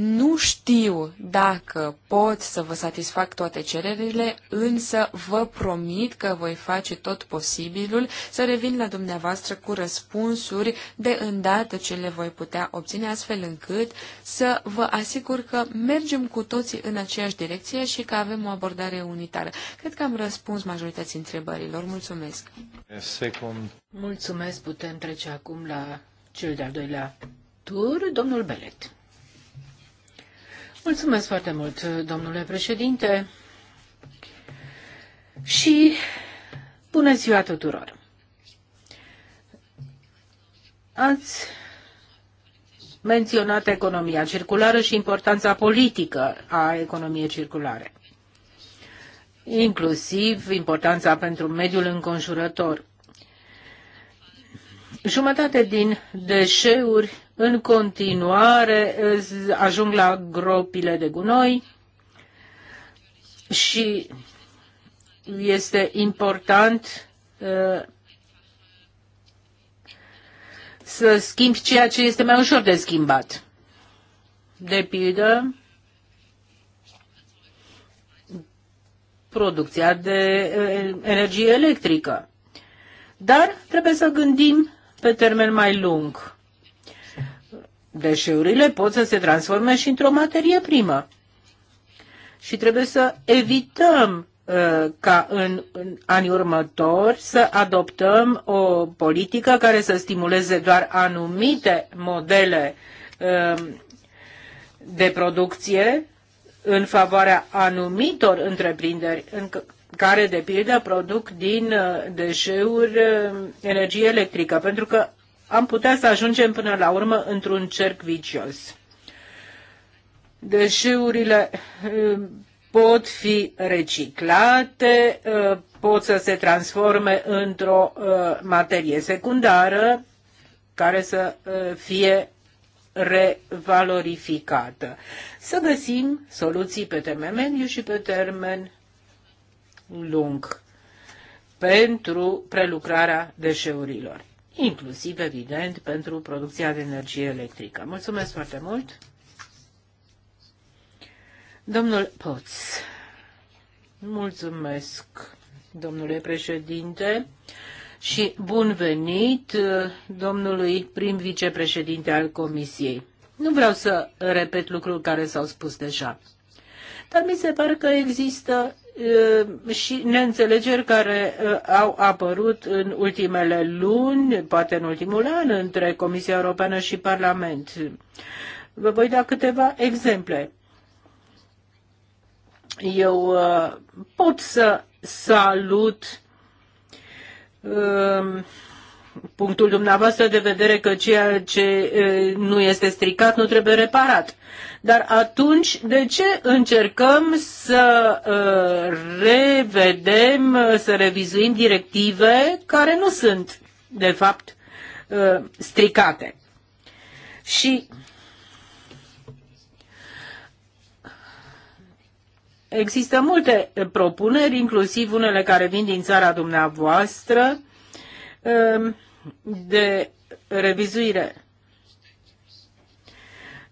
S1: Nu știu dacă pot să vă satisfac toate cererile, însă vă promit că voi face tot posibilul să revin la dumneavoastră cu răspunsuri de îndată ce le voi putea obține, astfel încât să vă asigur că mergem cu toții în aceeași direcție și că avem o abordare unitară. Cred că am răspuns majorității întrebărilor. Mulțumesc! Second. Mulțumesc! Putem trece acum la cel de-al doilea tur, domnul
S3: Belet. Mulțumesc foarte mult, domnule președinte. Și bună ziua tuturor. Ați menționat economia circulară și importanța politică a economiei circulare, inclusiv importanța pentru mediul înconjurător. Jumătate din deșeuri în continuare ajung la gropile de gunoi și este important uh, să schimbi ceea ce este mai ușor de schimbat. De pildă, producția de uh, energie electrică. Dar trebuie să gândim pe termen mai lung deșeurile pot să se transforme și într-o materie primă. Și trebuie să evităm uh, ca în, în anii următori să adoptăm o politică care să stimuleze doar anumite modele uh, de producție în favoarea anumitor întreprinderi în care, de pildă, produc din uh, deșeuri energie electrică, pentru că am putea să ajungem până la urmă într-un cerc vicios. Deșeurile uh, pot fi reciclate, uh, pot să se transforme într-o uh, materie secundară care să fie revalorificată. Să găsim soluții pe termen mediu și pe termen lung pentru prelucrarea deșeurilor inclusiv, evident, pentru producția de energie electrică. Mulțumesc foarte mult! Domnul Poț, mulțumesc, domnule președinte, și bun venit domnului prim vicepreședinte al Comisiei. Nu vreau să repet lucruri care s-au spus deja, dar mi se pare că există Uh, și neînțelegeri care uh, au apărut în ultimele luni, poate în ultimul an, între Comisia Europeană și Parlament. Vă voi da câteva exemple. Eu uh, pot să salut punctul dumneavoastră de vedere că ceea ce nu este stricat nu trebuie reparat. Dar atunci, de ce încercăm să uh, revedem, uh, să revizuim directive care nu sunt, de fapt, uh, stricate? Și Există multe propuneri, inclusiv unele care vin din țara dumneavoastră, uh, de revizuire.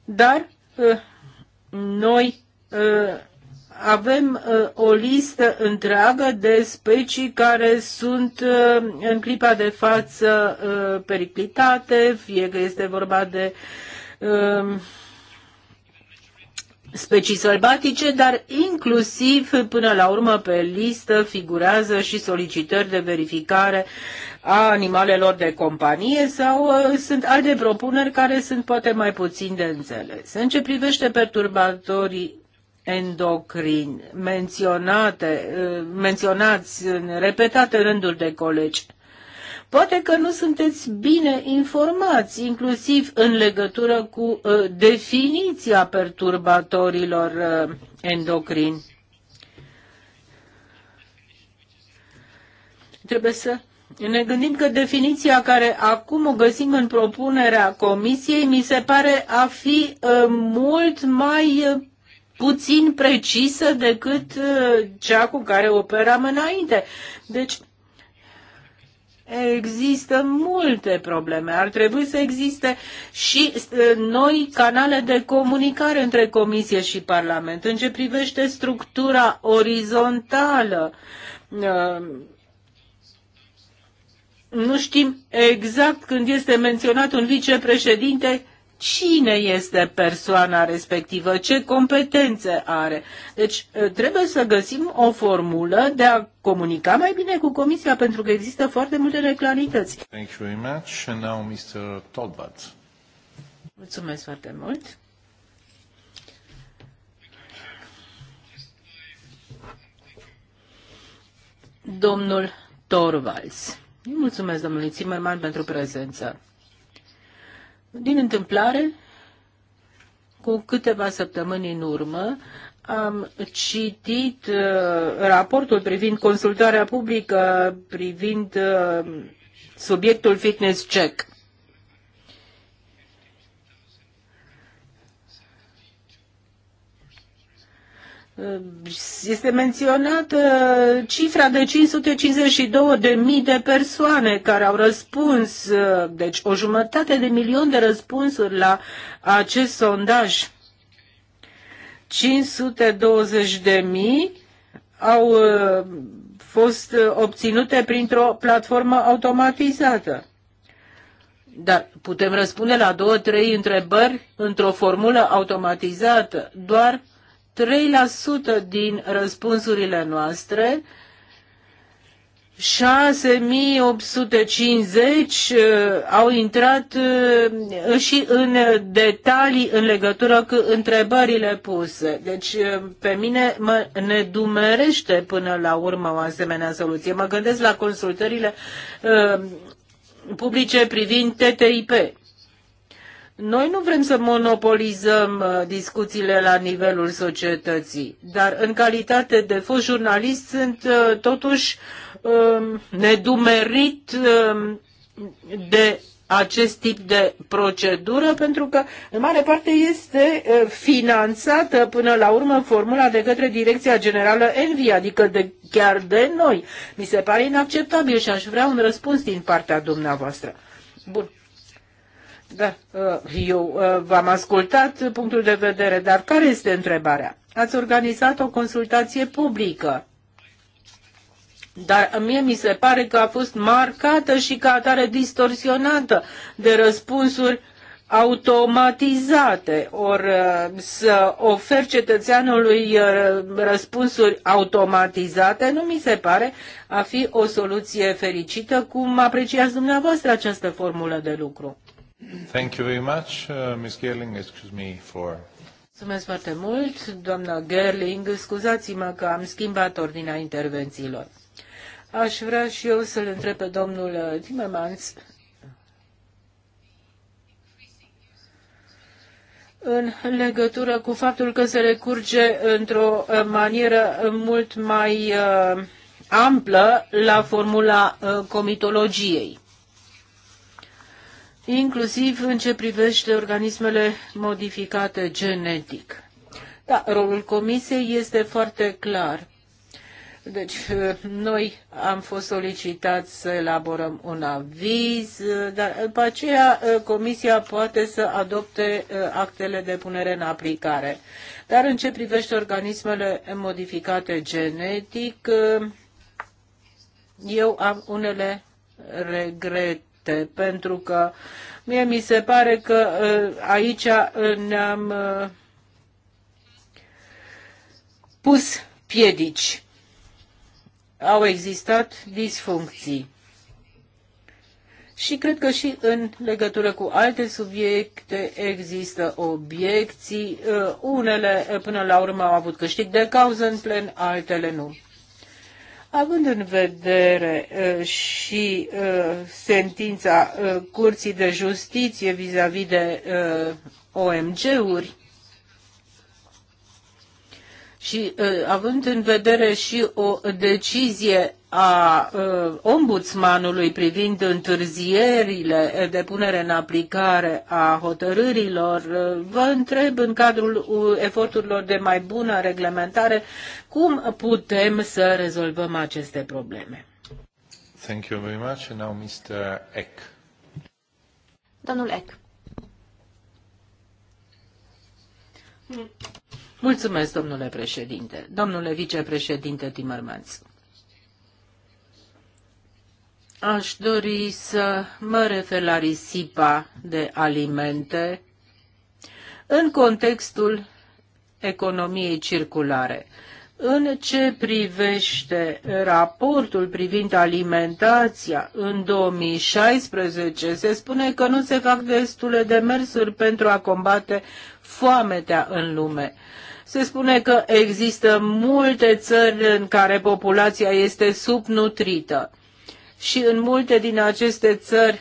S3: Dar Uh, noi uh, avem uh, o listă întreagă de specii care sunt în clipa de față periclitate, fie că este vorba de specii sălbatice, dar inclusiv până la urmă pe listă figurează și solicitări de verificare a animalelor de companie sau uh, sunt alte propuneri care sunt poate mai puțin de înțeles. În ce privește perturbatorii endocrini menționate, uh, menționați în repetate rânduri de colegi. Poate că nu sunteți bine informați, inclusiv în legătură cu uh, definiția perturbatorilor uh, endocrini. Trebuie să ne gândim că definiția care acum o găsim în propunerea comisiei mi se pare a fi uh, mult mai uh, puțin precisă decât uh, cea cu care operam înainte. Deci Există multe probleme. Ar trebui să existe și ă, noi canale de comunicare între Comisie și Parlament. În ce privește structura orizontală, ă, nu știm exact când este menționat un vicepreședinte cine este persoana respectivă, ce competențe are. Deci ă, trebuie să găsim o formulă de a comunica mai bine cu Comisia, pentru că există foarte multe neclarități. Mulțumesc foarte mult. Domnul Torvalds. Mulțumesc domnului Zimmerman pentru prezență. Din întâmplare, cu câteva săptămâni în urmă, am citit uh, raportul privind consultarea publică, privind uh, subiectul fitness check. este menționată uh, cifra de 552.000 de persoane care au răspuns, uh, deci o jumătate de milion de răspunsuri la acest sondaj. 520.000 au uh, fost obținute printr-o platformă automatizată. Dar putem răspunde la două, trei întrebări într-o formulă automatizată. Doar 3% din răspunsurile noastre 6850 uh, au intrat uh, și în detalii în legătură cu întrebările puse. Deci uh, pe mine mă nedumerește până la urmă o asemenea soluție. Mă gândesc la consultările publice privind TTIP noi nu vrem să monopolizăm uh, discuțiile la nivelul societății, dar în calitate de fost jurnalist sunt uh, totuși um, nedumerit um, de acest tip de procedură, pentru că, în mare parte, este uh, finanțată până la urmă formula de către Direcția Generală Envi, adică de, chiar de noi. Mi se pare inacceptabil și aș vrea un răspuns din partea dumneavoastră. Bun. Da, uh, eu uh, v-am ascultat punctul de vedere, dar care este întrebarea? Ați organizat o consultație publică. Dar mie mi se pare că a fost marcată și ca atare distorsionată de răspunsuri automatizate, ori uh, să ofer cetățeanului răspunsuri automatizate, nu mi se pare a fi o soluție fericită, cum apreciați dumneavoastră această formulă de lucru. Thank you very much, uh, Ms. Gerling, excuse me for... Mulțumesc foarte mult, doamna Gerling. Scuzați-mă că am schimbat ordinea intervențiilor. Aș vrea și eu să-l întreb pe domnul uh, Timmermans în legătură cu faptul că se recurge într-o uh, manieră mult mai uh, amplă la formula comitologiei inclusiv în ce privește organismele modificate genetic. Da, rolul comisiei este foarte clar. Deci, noi am fost solicitați să elaborăm un aviz, dar după aceea Comisia poate să adopte uh, actele de punere în aplicare. Dar în ce privește organismele modificate genetic, uh, eu am unele regret proiecte, pentru că mie mi se pare că uh, aici uh, ne-am uh, pus piedici. Au existat disfuncții. Și cred că și în legătură cu alte subiecte există obiecții. Unele până la urmă au avut câștig de cauză în plen, altele nu. Având în vedere uh, și uh, sentința uh, Curții de Justiție vis-a-vis -vis de OMG-uri, și având în vedere și o decizie a ombudsmanului privind întârzierile de punere în aplicare a hotărârilor, vă întreb în cadrul eforturilor de mai bună reglementare cum putem să rezolvăm aceste probleme. Thank you very much. And now Mr. Eck. Domnul Eck. Mulțumesc, domnule președinte. Domnule vicepreședinte Timmermans. Aș dori să mă refer la risipa de alimente în contextul economiei circulare. În ce privește raportul privind alimentația în 2016, se spune că nu se fac destule demersuri pentru a combate foametea în lume. Se spune că există multe țări în care populația este subnutrită și în multe din aceste țări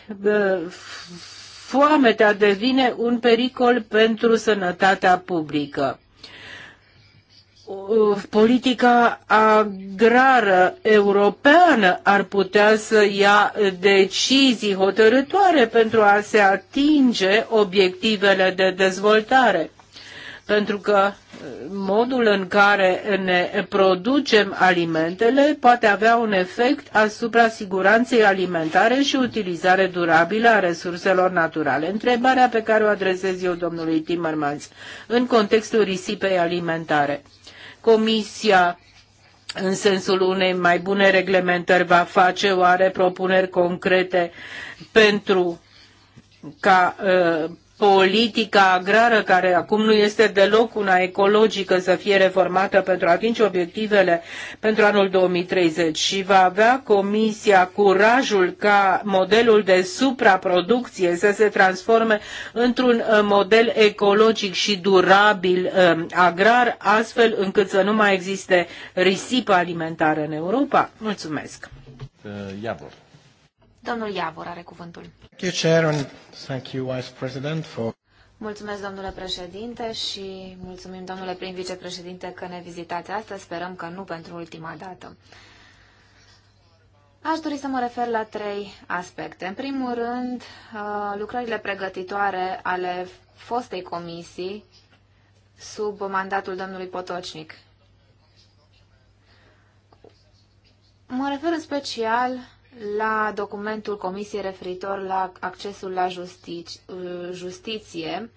S3: foametea devine un pericol pentru sănătatea publică. Politica agrară europeană ar putea să ia decizii hotărătoare pentru a se atinge obiectivele de dezvoltare. Pentru că modul în care ne producem alimentele poate avea un efect asupra siguranței alimentare și utilizare durabilă a resurselor naturale. Întrebarea pe care o adresez eu domnului Timmermans în contextul risipei alimentare. Comisia în sensul unei mai bune reglementări va face oare propuneri concrete pentru ca uh, politica agrară, care acum nu este deloc una ecologică, să fie reformată pentru a atinge obiectivele pentru anul 2030 și va avea Comisia curajul ca modelul de supraproducție să se transforme într-un uh, model ecologic și durabil um, agrar, astfel încât să nu mai existe risipă alimentară în Europa? Mulțumesc! Uh, Iavor.
S2: Domnul Iavor are cuvântul. Mulțumesc, domnule președinte, și mulțumim, domnule prim-vicepreședinte, că ne vizitați astăzi. Sperăm că nu pentru ultima dată. Aș dori să mă refer la trei aspecte. În primul rând, uh, lucrările pregătitoare ale fostei comisii sub mandatul domnului Potocnic. Mă refer în special la documentul Comisiei referitor la accesul la justici, uh, justiție,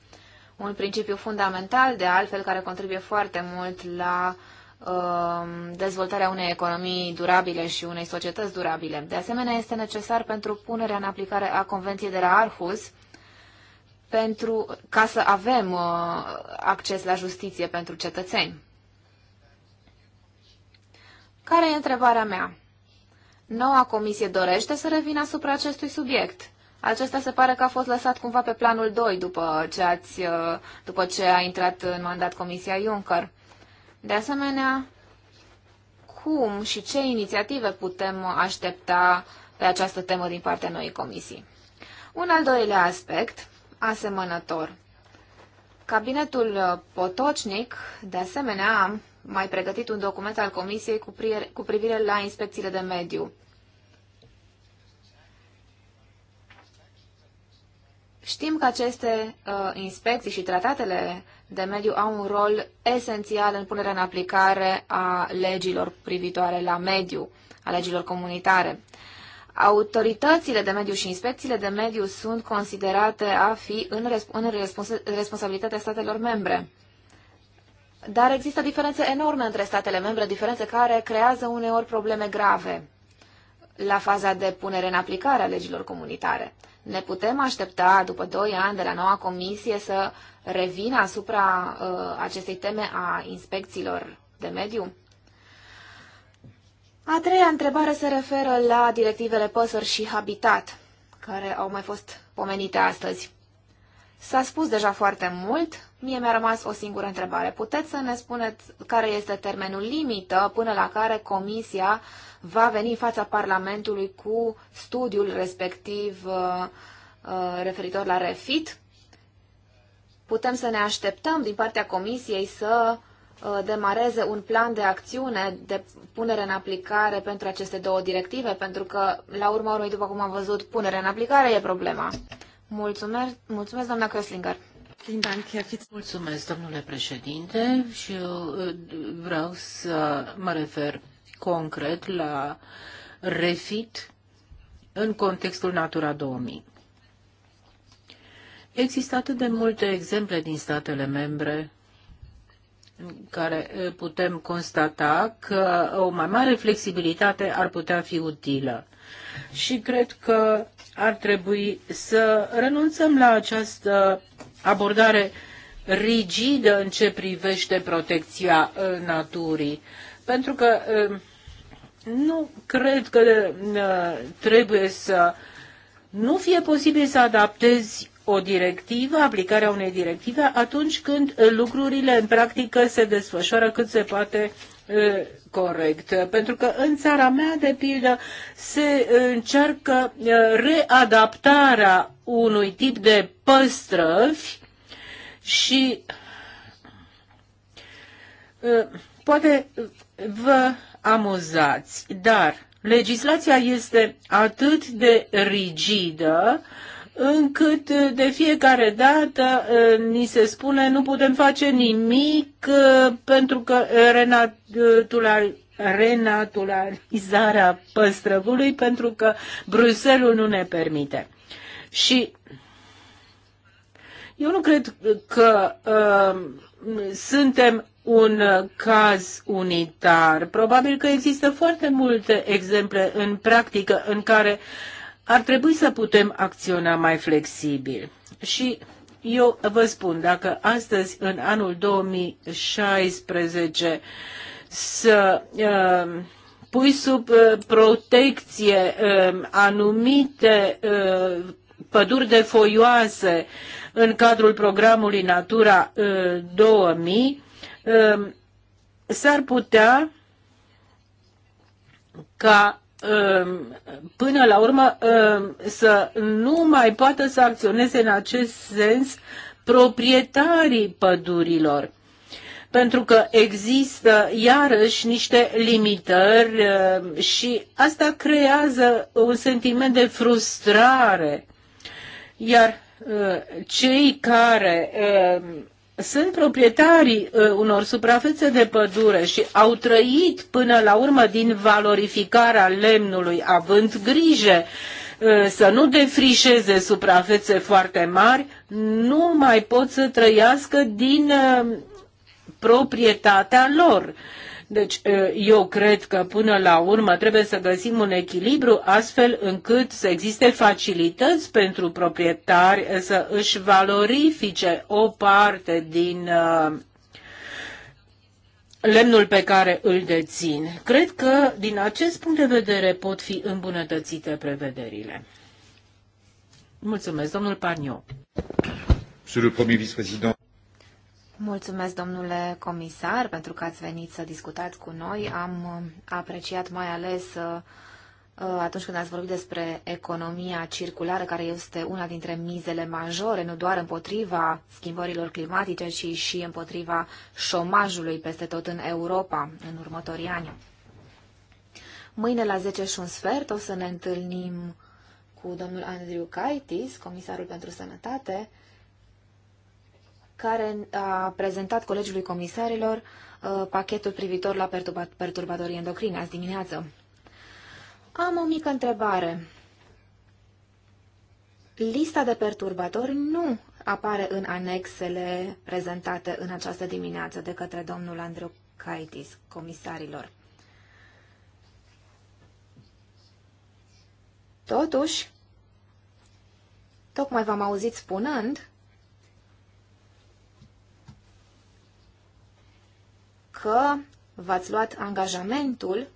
S2: un principiu fundamental, de altfel, care contribuie foarte mult la um, dezvoltarea unei economii durabile și unei societăți durabile. De asemenea, este necesar pentru punerea în aplicare a Convenției de la Arhus, pentru, ca să avem uh, acces la justiție pentru cetățeni. Care e întrebarea mea? Noua comisie dorește să revină asupra acestui subiect. Acesta se pare că a fost lăsat cumva pe planul 2 după ce, ați, uh, după ce a intrat în mandat Comisia Juncker. De asemenea, cum și ce inițiative putem aștepta pe această temă din partea noii comisii? Un al doilea aspect, asemănător. Cabinetul Potocnic, de asemenea, mai pregătit un document al Comisiei cu, prier, cu privire la inspecțiile de mediu. Știm că aceste uh, inspecții și tratatele de mediu au un rol esențial în punerea în aplicare a legilor privitoare la mediu, a legilor comunitare. Autoritățile de mediu și inspecțiile de mediu sunt considerate a fi în, resp- în respons- responsabilitatea statelor membre. Dar există diferențe enorme între statele membre, diferențe care creează uneori probleme grave la faza de punere în aplicare a legilor comunitare. Ne putem aștepta după 2 ani de la noua comisie să revină asupra uh, acestei teme a inspecțiilor de mediu? A treia întrebare se referă la directivele păsări și habitat, care au mai fost pomenite astăzi. S-a spus deja foarte mult. Mie mi-a rămas o singură întrebare. Puteți să ne spuneți care este termenul limită până la care Comisia va veni în fața Parlamentului cu studiul respectiv uh, uh, referitor la refit? Putem să ne așteptăm din partea Comisiei să uh, demareze un plan de acțiune de punere în aplicare pentru aceste două directive, pentru că, la urma urmei, după cum am văzut, punerea în aplicare e problema. Mulțumesc, mulțumesc doamna Creslinger.
S3: Mulțumesc, domnule președinte, și eu uh, vreau să mă refer concret la refit în contextul Natura 2000. Există atât de multe exemple din statele membre în care uh, putem constata că o mai mare flexibilitate ar putea fi utilă și cred că ar trebui să renunțăm la această abordare rigidă în ce privește protecția uh, naturii. Pentru că um, nu cred că uh, trebuie să nu fie posibil să adaptezi o directivă, aplicarea unei directive, atunci când uh, lucrurile în practică se desfășoară cât se poate corect. Pentru că în țara mea, de pildă, se încearcă readaptarea unui tip de păstrăvi și poate vă amuzați, dar legislația este atât de rigidă încât uh, de fiecare dată uh, ni se spune nu putem face nimic uh, pentru că renaturalizarea păstrăvului pentru că Bruselul nu ne permite. Și eu nu cred că uh, suntem un caz unitar. Probabil că există foarte multe exemple în practică în care uh, ar trebui să putem acționa mai flexibil. Și eu vă spun, dacă astăzi, în anul 2016, să uh, pui sub uh, protecție uh, anumite uh, păduri de foioase în cadrul programului Natura uh, 2000, uh, s-ar putea ca Um, până la urmă um, să nu mai poată să acționeze în acest sens proprietarii pădurilor. Pentru că există iarăși niște limitări um, și asta creează un sentiment de frustrare. Iar uh, cei care sunt proprietarii uh, unor suprafețe de pădure și au trăit până la urmă din valorificarea lemnului, având grijă uh, să nu defrișeze suprafețe foarte mari, nu mai pot să trăiască din uh, proprietatea lor. Uh, deci eu cred că până la urmă trebuie să găsim un echilibru astfel încât să existe facilități pentru proprietari să își valorifice o parte din lemnul pe care îl dețin. Cred că din acest punct de vedere pot fi îmbunătățite prevederile.
S2: Mulțumesc, domnul Parniu.
S3: Monsieur le Premier vice-président.
S2: Mulțumesc, domnule comisar, pentru că ați venit să discutați cu noi. Am uh, apreciat mai ales uh, uh, atunci când ați vorbit despre economia circulară, care este una dintre mizele majore, nu doar împotriva schimbărilor climatice, ci și împotriva șomajului peste tot în Europa în următorii ani. Mâine la 10 și un sfert o să ne întâlnim cu domnul Andriu Caitis, comisarul pentru sănătate, care a prezentat Colegiului Comisarilor uh, pachetul privitor la perturbatorii endocrine azi dimineață. Am o mică întrebare. Lista de perturbatori nu apare în anexele prezentate în această dimineață de către domnul Andrew Caitis, comisarilor. Totuși, tocmai v-am auzit spunând că v-ați luat angajamentul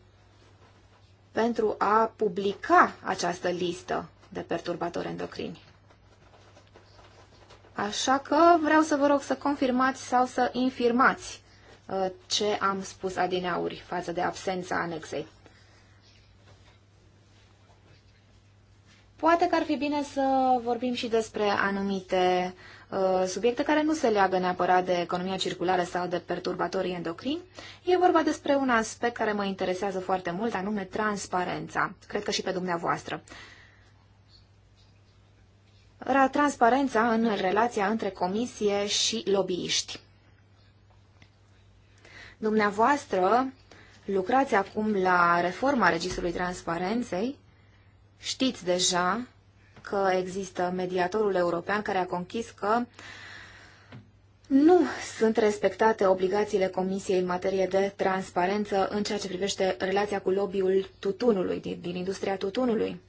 S2: pentru a publica această listă de perturbatori endocrini. Așa că vreau să vă rog să confirmați sau să infirmați uh, ce am spus adineauri față de absența anexei. Poate că ar fi bine să vorbim și despre anumite Uh, subiecte care nu se leagă neapărat de economia circulară sau de perturbatorii endocrini. E vorba despre un aspect care mă interesează foarte mult, anume transparența. Cred că și pe dumneavoastră. Transparența în relația între comisie și lobbyiști. Dumneavoastră lucrați acum la reforma Registrului Transparenței. Știți deja că există mediatorul european care a conchis că nu sunt respectate obligațiile Comisiei în materie de transparență în ceea ce privește relația cu lobby-ul tutunului, din, din industria tutunului.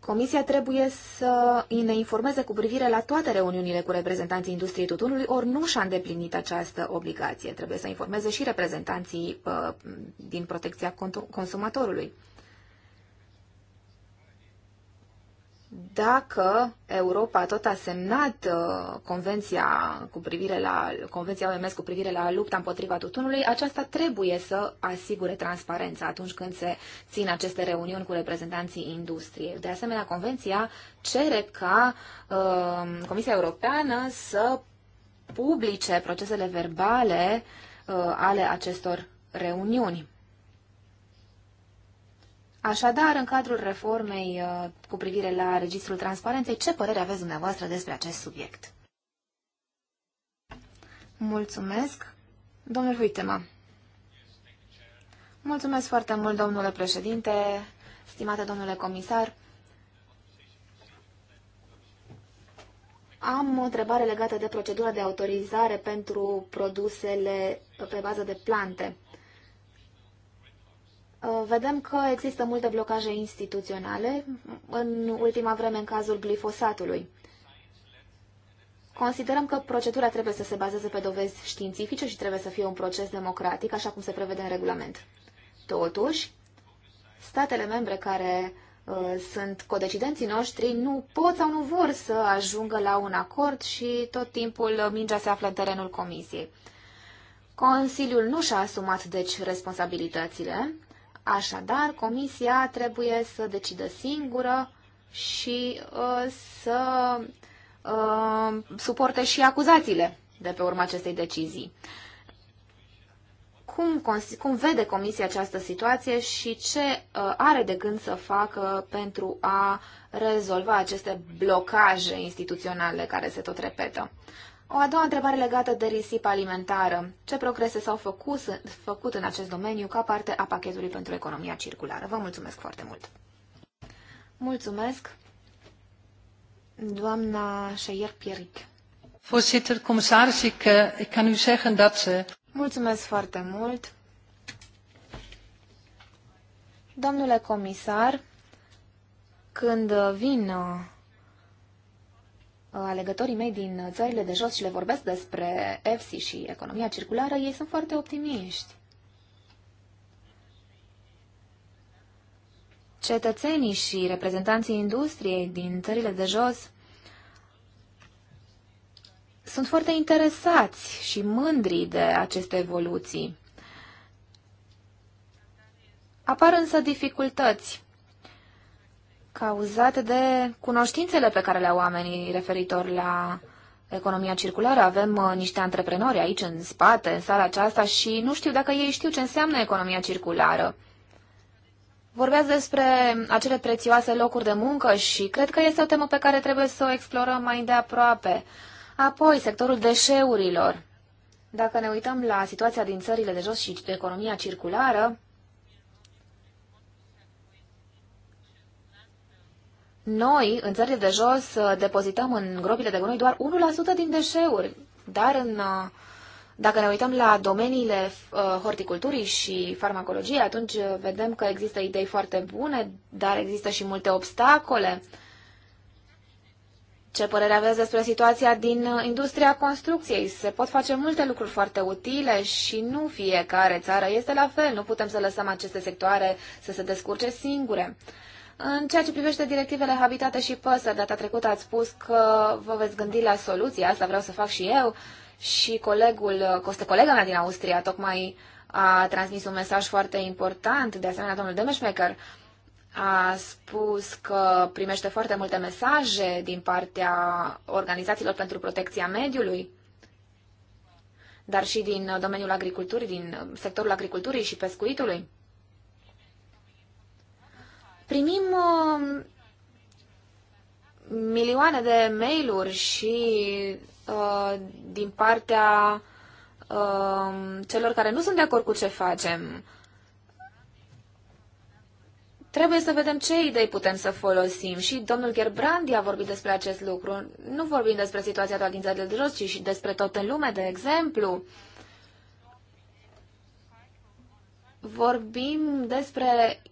S2: Comisia trebuie să ne informeze cu privire la toate reuniunile cu reprezentanții industriei tutunului, ori nu și-a îndeplinit această obligație. Trebuie să informeze și reprezentanții uh, din protecția consumatorului. dacă Europa tot a semnat uh, convenția cu privire la convenția OMS cu privire la lupta împotriva tutunului, aceasta trebuie să asigure transparența atunci când se țin aceste reuniuni cu reprezentanții industriei. De asemenea, convenția cere ca uh, Comisia Europeană să publice procesele verbale uh, ale acestor reuniuni. Așadar, în cadrul reformei uh, cu privire la Registrul Transparenței, ce părere aveți dumneavoastră despre acest subiect? Mulțumesc. Domnul Huitema. Mulțumesc foarte mult, domnule președinte, stimate domnule comisar. Am o întrebare legată de procedura de autorizare pentru produsele pe bază de plante. Uh, vedem că există multe blocaje instituționale, în ultima vreme în cazul glifosatului. Considerăm că procedura trebuie să se bazeze pe dovezi științifice și trebuie să fie un proces democratic, așa cum se prevede în regulament. Totuși, statele membre care uh, sunt codecidenții noștri nu pot sau nu vor să ajungă la un acord și tot timpul mingea se află în terenul comisiei. Consiliul nu și-a asumat, deci, responsabilitățile Așadar, comisia trebuie să decidă singură și uh, să uh, suporte și acuzațiile de pe urma acestei decizii. Cum, cum vede comisia această situație și ce uh, are de gând să facă pentru a rezolva aceste blocaje instituționale care se tot repetă? O a doua întrebare legată de risipa alimentară. Ce progrese s-au făcut, făcut în acest domeniu ca parte a pachetului pentru economia circulară? Vă mulțumesc foarte mult! Mulțumesc, doamna Șeier Pieric. Voorzitter,
S3: commissaris, ik, eh, ik kan u zeggen dat... Eh,
S2: mulțumesc foarte mult. Domnule comisar, când vin eh, alegătorii mei din țările de jos și le vorbesc despre EFSI și economia circulară, ei sunt foarte optimiști. Cetățenii și reprezentanții industriei din țările de jos sunt foarte interesați și mândri de aceste evoluții. Apar însă dificultăți cauzat de cunoștințele pe care le au oamenii referitor la economia circulară. Avem uh, niște antreprenori aici în spate, în sala aceasta și nu știu dacă ei știu ce înseamnă economia circulară. Vorbeați despre acele prețioase locuri de muncă și cred că este o temă pe care trebuie să o explorăm mai de aproape. Apoi, sectorul deșeurilor. Dacă ne uităm la situația din țările de jos și economia circulară, Noi, în țările de jos, uh, depozităm în gropile de gunoi doar 1% din deșeuri, dar în, uh, dacă ne uităm la domeniile uh, horticulturii și farmacologiei, atunci vedem că există idei foarte bune, dar există și multe obstacole. Ce părere aveți despre situația din industria construcției? Se pot face multe lucruri foarte utile și nu fiecare țară este la fel. Nu putem să lăsăm aceste sectoare să se descurce singure. În ceea ce privește directivele Habitate și Păsări, data trecută ați spus că vă veți gândi la soluția, asta vreau să fac și eu, și colegul, costă colega mea din Austria, tocmai a transmis un mesaj foarte important, de asemenea domnul Demesmaker a spus că primește foarte multe mesaje din partea organizațiilor pentru protecția mediului, dar și din domeniul agriculturii, din sectorul agriculturii și pescuitului. Primim uh, milioane de mail-uri și uh, din partea uh, celor care nu sunt de acord cu ce facem. Trebuie să vedem ce idei putem să folosim și domnul Gerbrandi a vorbit despre acest lucru. Nu vorbim despre situația doar din țările de jos, ci și despre tot în lume, de exemplu. Uh, vorbim despre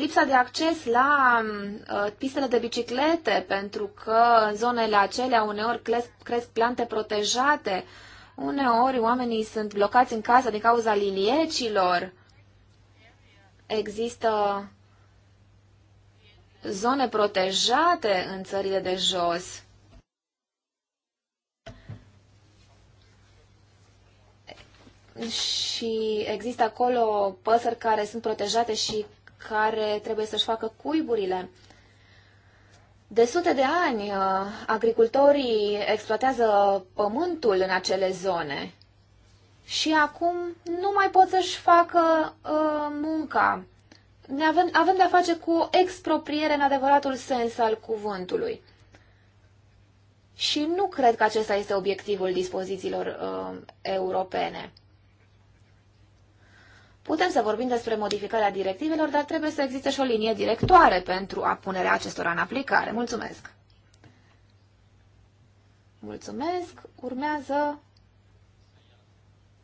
S2: lipsa de acces la uh, pistele de biciclete, pentru că în zonele acelea uneori cresc, cresc plante protejate, uneori oamenii sunt blocați în casă din cauza liliecilor. Există zone protejate în țările de jos. și există acolo păsări care sunt protejate și care trebuie să-și facă cuiburile. De sute de ani, uh, agricultorii exploatează pământul în acele zone și acum nu mai pot să-și facă uh, munca. Ne avem, avem de-a face cu o expropriere în adevăratul sens al cuvântului. Și nu cred că acesta este obiectivul dispozițiilor uh, europene. Putem să vorbim despre modificarea directivelor, dar trebuie să existe și o linie directoare pentru a punerea acestora în aplicare. Mulțumesc! Mulțumesc! Urmează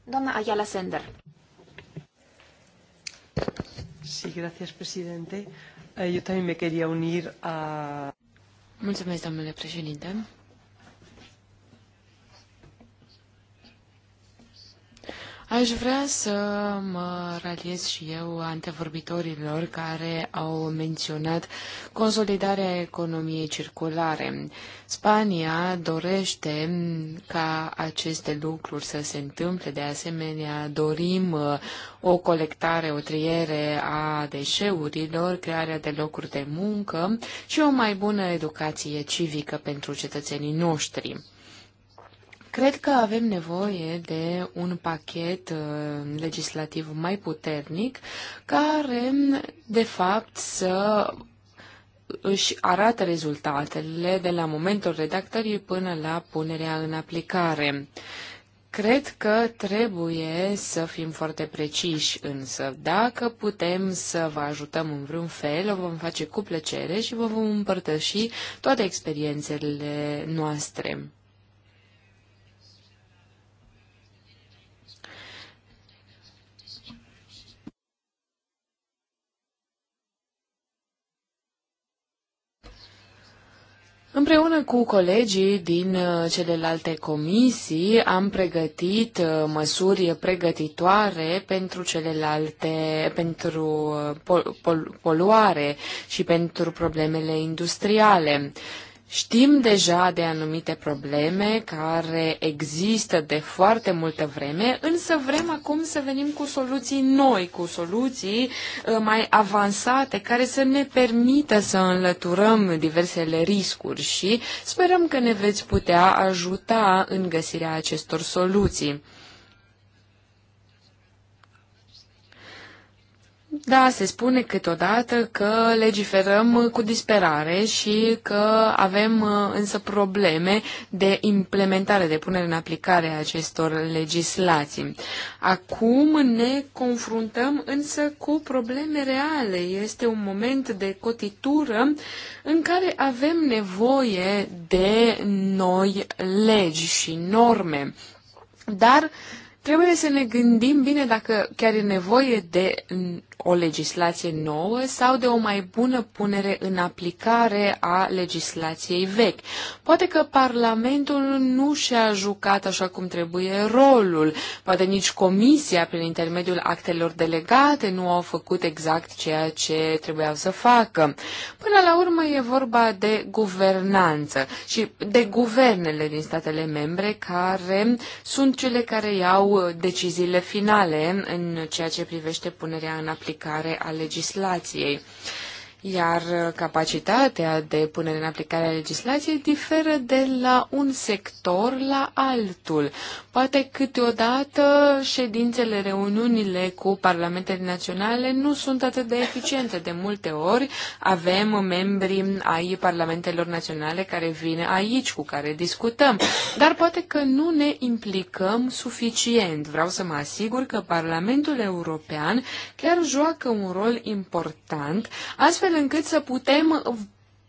S2: doamna Ayala Sender.
S1: Sí, gracias, presidente. Eu eh, también me quería unir a... Mulțumesc, domnule președinte. Aș vrea să mă raliez și eu antevorbitorilor care au menționat consolidarea economiei circulare. Spania dorește ca aceste lucruri să se întâmple, de asemenea dorim uh, o colectare, o triere a deșeurilor, crearea de locuri de muncă și o mai bună educație civică pentru cetățenii noștri. Cred că avem nevoie de un pachet uh, legislativ mai puternic care, de fapt, să își arată rezultatele de la momentul redactării până la punerea în aplicare. Cred că trebuie să fim foarte preciși, însă dacă putem să vă ajutăm în vreun fel, o vom face cu plăcere și vă vom împărtăși toate experiențele noastre. Împreună cu colegii din uh, celelalte comisii am pregătit uh, măsuri pregătitoare pentru celelalte, pentru uh, poluare și pentru problemele industriale. Știm deja de anumite probleme care există de foarte multă vreme, însă vrem acum să venim cu soluții noi, cu soluții uh, mai avansate, care să ne permită să înlăturăm diversele riscuri și sperăm că ne veți putea ajuta în găsirea acestor soluții. Da, se spune câteodată că legiferăm cu disperare și că avem uh, însă probleme de implementare, de punere în aplicare a acestor legislații. Acum ne confruntăm însă cu probleme reale. Este un moment de cotitură în care avem nevoie de noi legi și norme. Dar trebuie să ne gândim bine dacă chiar e nevoie de o legislație nouă sau de o mai bună punere în aplicare a legislației vechi. Poate că Parlamentul nu și-a jucat așa cum trebuie rolul, poate nici Comisia, prin intermediul actelor delegate, nu au făcut exact ceea ce trebuiau să facă. Până la urmă e vorba de guvernanță și de guvernele din statele membre care sunt cele care iau deciziile finale în ceea ce privește punerea în aplicare aplicare a legislației iar uh, capacitatea de punere în aplicare a legislației diferă de la un sector la altul. Poate câteodată ședințele, reuniunile cu parlamentele naționale nu sunt atât de eficiente. De multe ori avem membri ai parlamentelor naționale care vin aici, cu care discutăm, dar poate că nu ne implicăm suficient. Vreau să mă asigur că Parlamentul European chiar joacă un rol important, astfel astfel încât să putem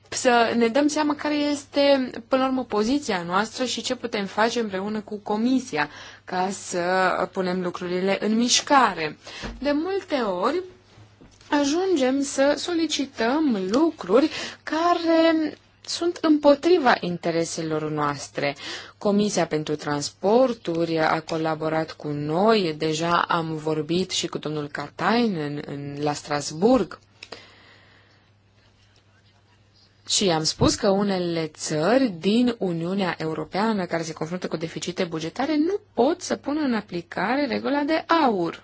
S1: să ne dăm seama care este, până la urmă, poziția noastră și ce putem face împreună cu Comisia ca să punem lucrurile în mișcare. De multe ori ajungem să solicităm lucruri care sunt împotriva intereselor noastre. Comisia pentru Transporturi a colaborat cu noi, deja am vorbit și cu domnul Katainen în, la Strasburg. Și am spus că unele țări din Uniunea Europeană care se confruntă cu deficite bugetare nu pot să pună în aplicare regula de aur.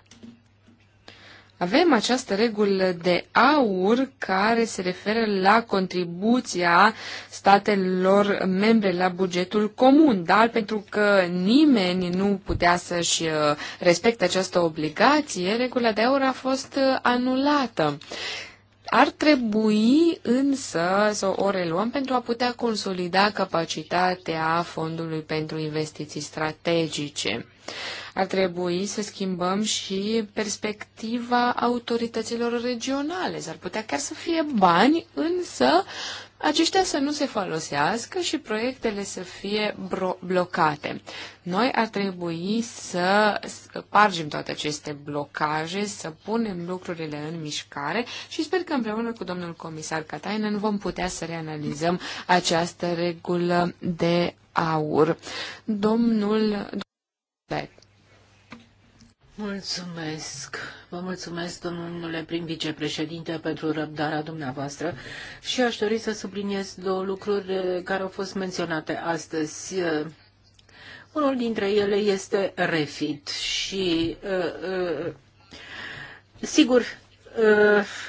S1: Avem această regulă de aur care se referă la contribuția statelor membre la bugetul comun, dar pentru că nimeni nu putea să-și uh, respecte această obligație, regula de aur a fost uh, anulată. Ar trebui însă să o reluăm pentru a putea consolida capacitatea Fondului pentru Investiții Strategice. Ar trebui să schimbăm și perspectiva autorităților regionale. S-ar putea chiar să fie bani, însă aceștia să nu se folosească și proiectele să fie blocate. Noi ar trebui să pargem toate aceste blocaje, să punem lucrurile în mișcare și sper că împreună cu domnul comisar Katainen vom putea să reanalizăm această regulă de aur. Domnul...
S3: Mulțumesc. Vă mulțumesc, domnule prim-vicepreședinte, pentru răbdarea dumneavoastră și aș dori să subliniez două lucruri eh, care au fost menționate astăzi. Eh, unul dintre ele este refit și, eh, sigur,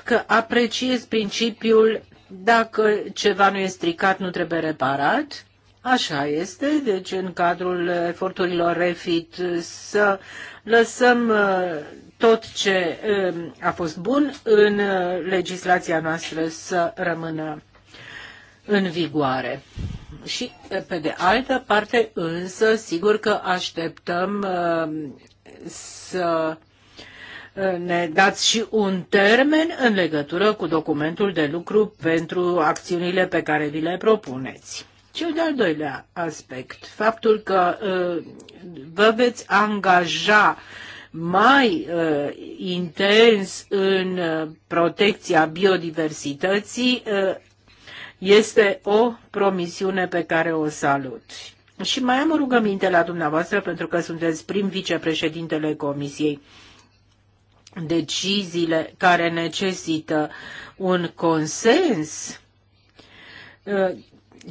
S3: că apreciez principiul dacă ceva nu e stricat, nu trebuie reparat. Așa este, deci în cadrul eforturilor REFIT să lăsăm tot ce um, a fost bun în uh, legislația noastră să rămână în vigoare. Și, uh, pe de altă parte, însă, sigur că așteptăm um, să uh, ne dați și un termen în legătură cu documentul de lucru pentru acțiunile pe care vi le propuneți. Cel de-al doilea aspect, faptul că vă veți angaja mai uh, intens în uh, protecția biodiversității uh, este o promisiune pe care o salut. Și mai am o rugăminte la dumneavoastră, pentru că sunteți prim vicepreședintele Comisiei. Deciziile care necesită un consens, uh,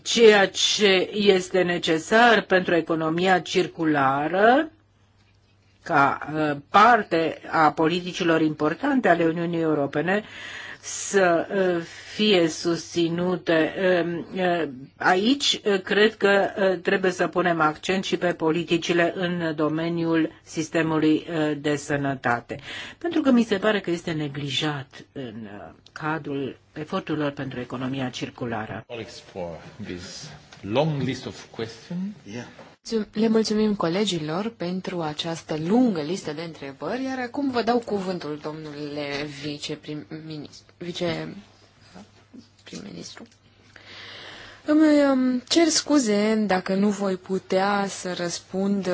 S3: ceea ce este necesar pentru economia circulară, ca uh, parte a politicilor importante ale Uniunii Europene să uh, fie susținute. Um, uh, aici cred că trebuie să punem accent și pe politicile în domeniul sistemului de sănătate, pentru că mi se pare că este neglijat în cadrul eforturilor pentru economia circulară.
S1: Le mulțumim colegilor pentru această lungă listă de întrebări, iar acum vă dau cuvântul, domnule viceprim-ministru. Vice prim-ministru. Îmi cer scuze dacă nu voi putea să răspund uh,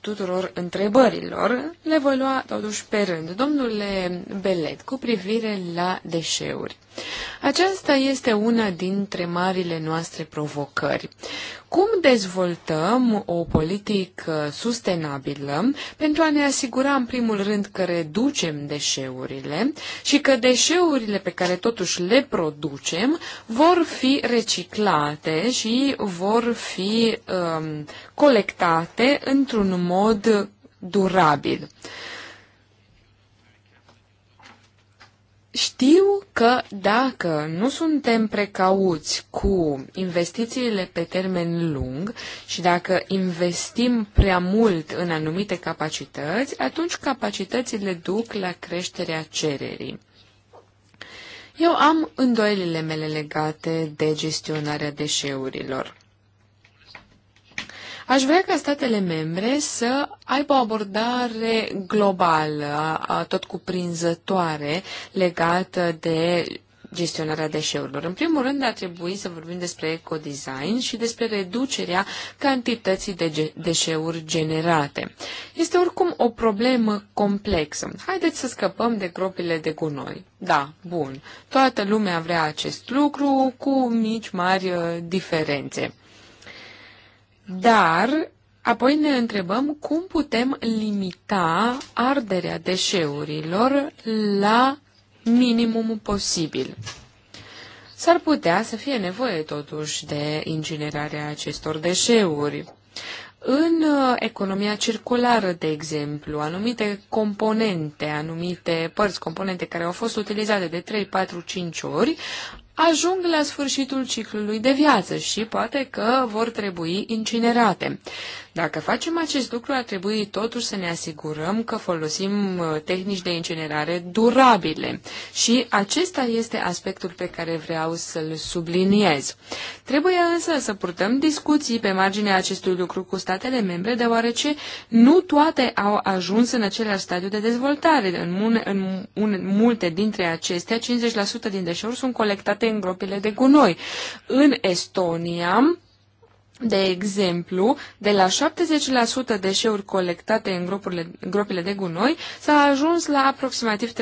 S1: tuturor întrebărilor. Le voi lua totuși pe rând. Domnule Belet, cu privire la deșeuri. Aceasta este una dintre marile noastre provocări. Cum dezvoltăm o politică sustenabilă pentru a ne asigura, în primul rând, că reducem deșeurile și că deșeurile pe care totuși le producem vor fi reciclate și vor fi um, colectate într-un mod durabil? Știu că dacă nu suntem precauți cu investițiile pe termen lung și dacă investim prea mult în anumite capacități, atunci capacitățile duc la creșterea cererii. Eu am îndoielile mele legate de gestionarea deșeurilor. Aș vrea ca statele membre să aibă o abordare globală, tot cuprinzătoare, legată de gestionarea deșeurilor. În primul rând, ar trebui să vorbim despre ecodesign și despre reducerea cantității de deșeuri generate. Este oricum o problemă complexă. Haideți să scăpăm de gropile de gunoi. Da, bun. Toată lumea vrea acest lucru cu mici, mari uh, diferențe. Dar apoi ne întrebăm cum putem limita arderea deșeurilor la minimumul posibil. S-ar putea să fie nevoie totuși de incinerarea acestor deșeuri. În uh, economia circulară, de exemplu, anumite componente, anumite părți, componente care au fost utilizate de 3, 4, 5 ori, ajung la sfârșitul ciclului de viață și poate că vor trebui incinerate. Dacă facem acest lucru, ar trebui totuși să ne asigurăm că folosim uh, tehnici de incinerare durabile. Și acesta este aspectul pe care vreau să-l subliniez. Trebuie însă să purtăm discuții pe marginea acestui lucru cu statele membre, deoarece nu toate au ajuns în același stadiu de dezvoltare. În, mun- în, în multe dintre acestea, 50% din deșeuri sunt colectate în gropile de gunoi. În Estonia, de exemplu, de la 70% deșeuri colectate în grupurile, gropile de gunoi s-a ajuns la aproximativ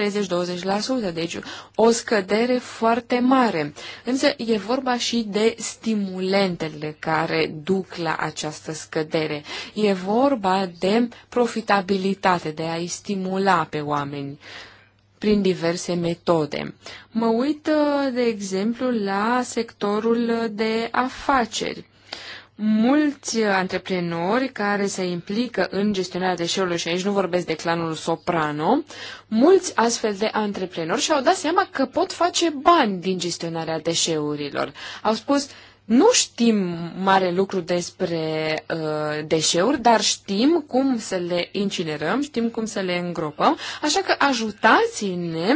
S1: 30-20%, deci o scădere foarte mare. Însă e vorba și de stimulentele care duc la această scădere. E vorba de profitabilitate, de a-i stimula pe oameni prin diverse metode. Mă uit, de exemplu, la sectorul de afaceri mulți antreprenori care se implică în gestionarea deșeurilor, și aici nu vorbesc de clanul Soprano, mulți astfel de antreprenori și-au dat seama că pot face bani din gestionarea deșeurilor. Au spus, nu știm mare lucru despre uh, deșeuri, dar știm cum să le incinerăm, știm cum să le îngropăm, așa că ajutați-ne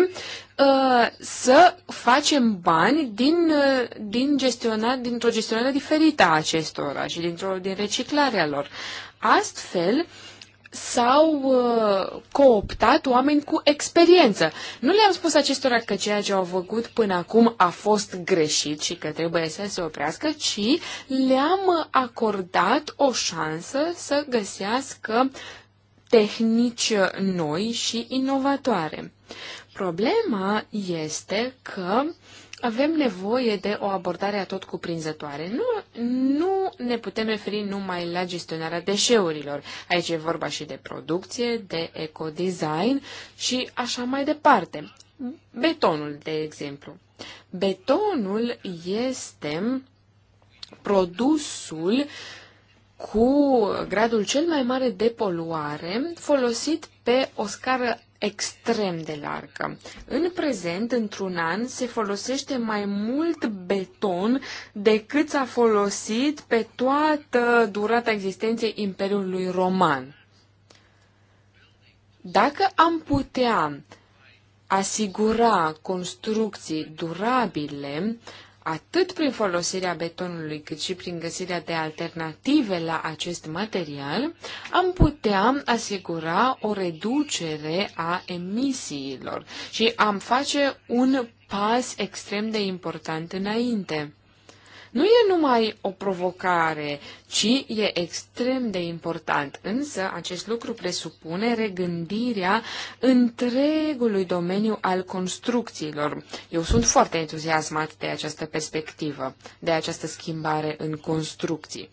S1: Uh, să facem bani din, uh, din gestiona, dintr-o gestionare diferită a acestora și dintr-o, din reciclarea lor. Astfel, s-au uh, cooptat oameni cu experiență. Nu le-am spus acestora că ceea ce au făcut până acum a fost greșit și că trebuie să se oprească, ci le-am acordat o șansă să găsească tehnici noi și inovatoare. Problema este că avem nevoie de o abordare a tot cuprinzătoare. Nu, nu ne putem referi numai la gestionarea deșeurilor. Aici e vorba și de producție, de ecodesign și așa mai departe. Betonul, de exemplu. Betonul este produsul cu gradul cel mai mare de poluare folosit pe o scară extrem de largă. În prezent, într-un an, se folosește mai mult beton decât s-a folosit pe toată durata existenței Imperiului Roman. Dacă am putea asigura construcții durabile, atât prin folosirea betonului, cât și prin găsirea de alternative la acest material, am putea asigura o reducere a emisiilor și am face un pas extrem de important înainte. Nu e numai o provocare, ci e extrem de important. Însă, acest lucru presupune regândirea întregului domeniu al construcțiilor. Eu sunt foarte entuziasmat de această perspectivă, de această schimbare în construcții.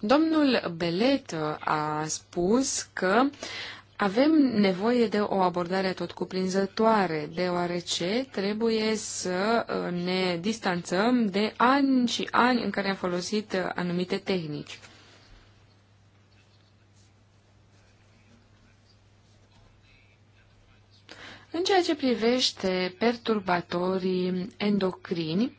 S1: Domnul Belet a spus că uh, avem nevoie de o abordare tot cuprinzătoare, deoarece trebuie să uh, ne distanțăm de ani și ani în care am folosit uh, anumite tehnici. În ceea ce privește perturbatorii endocrini,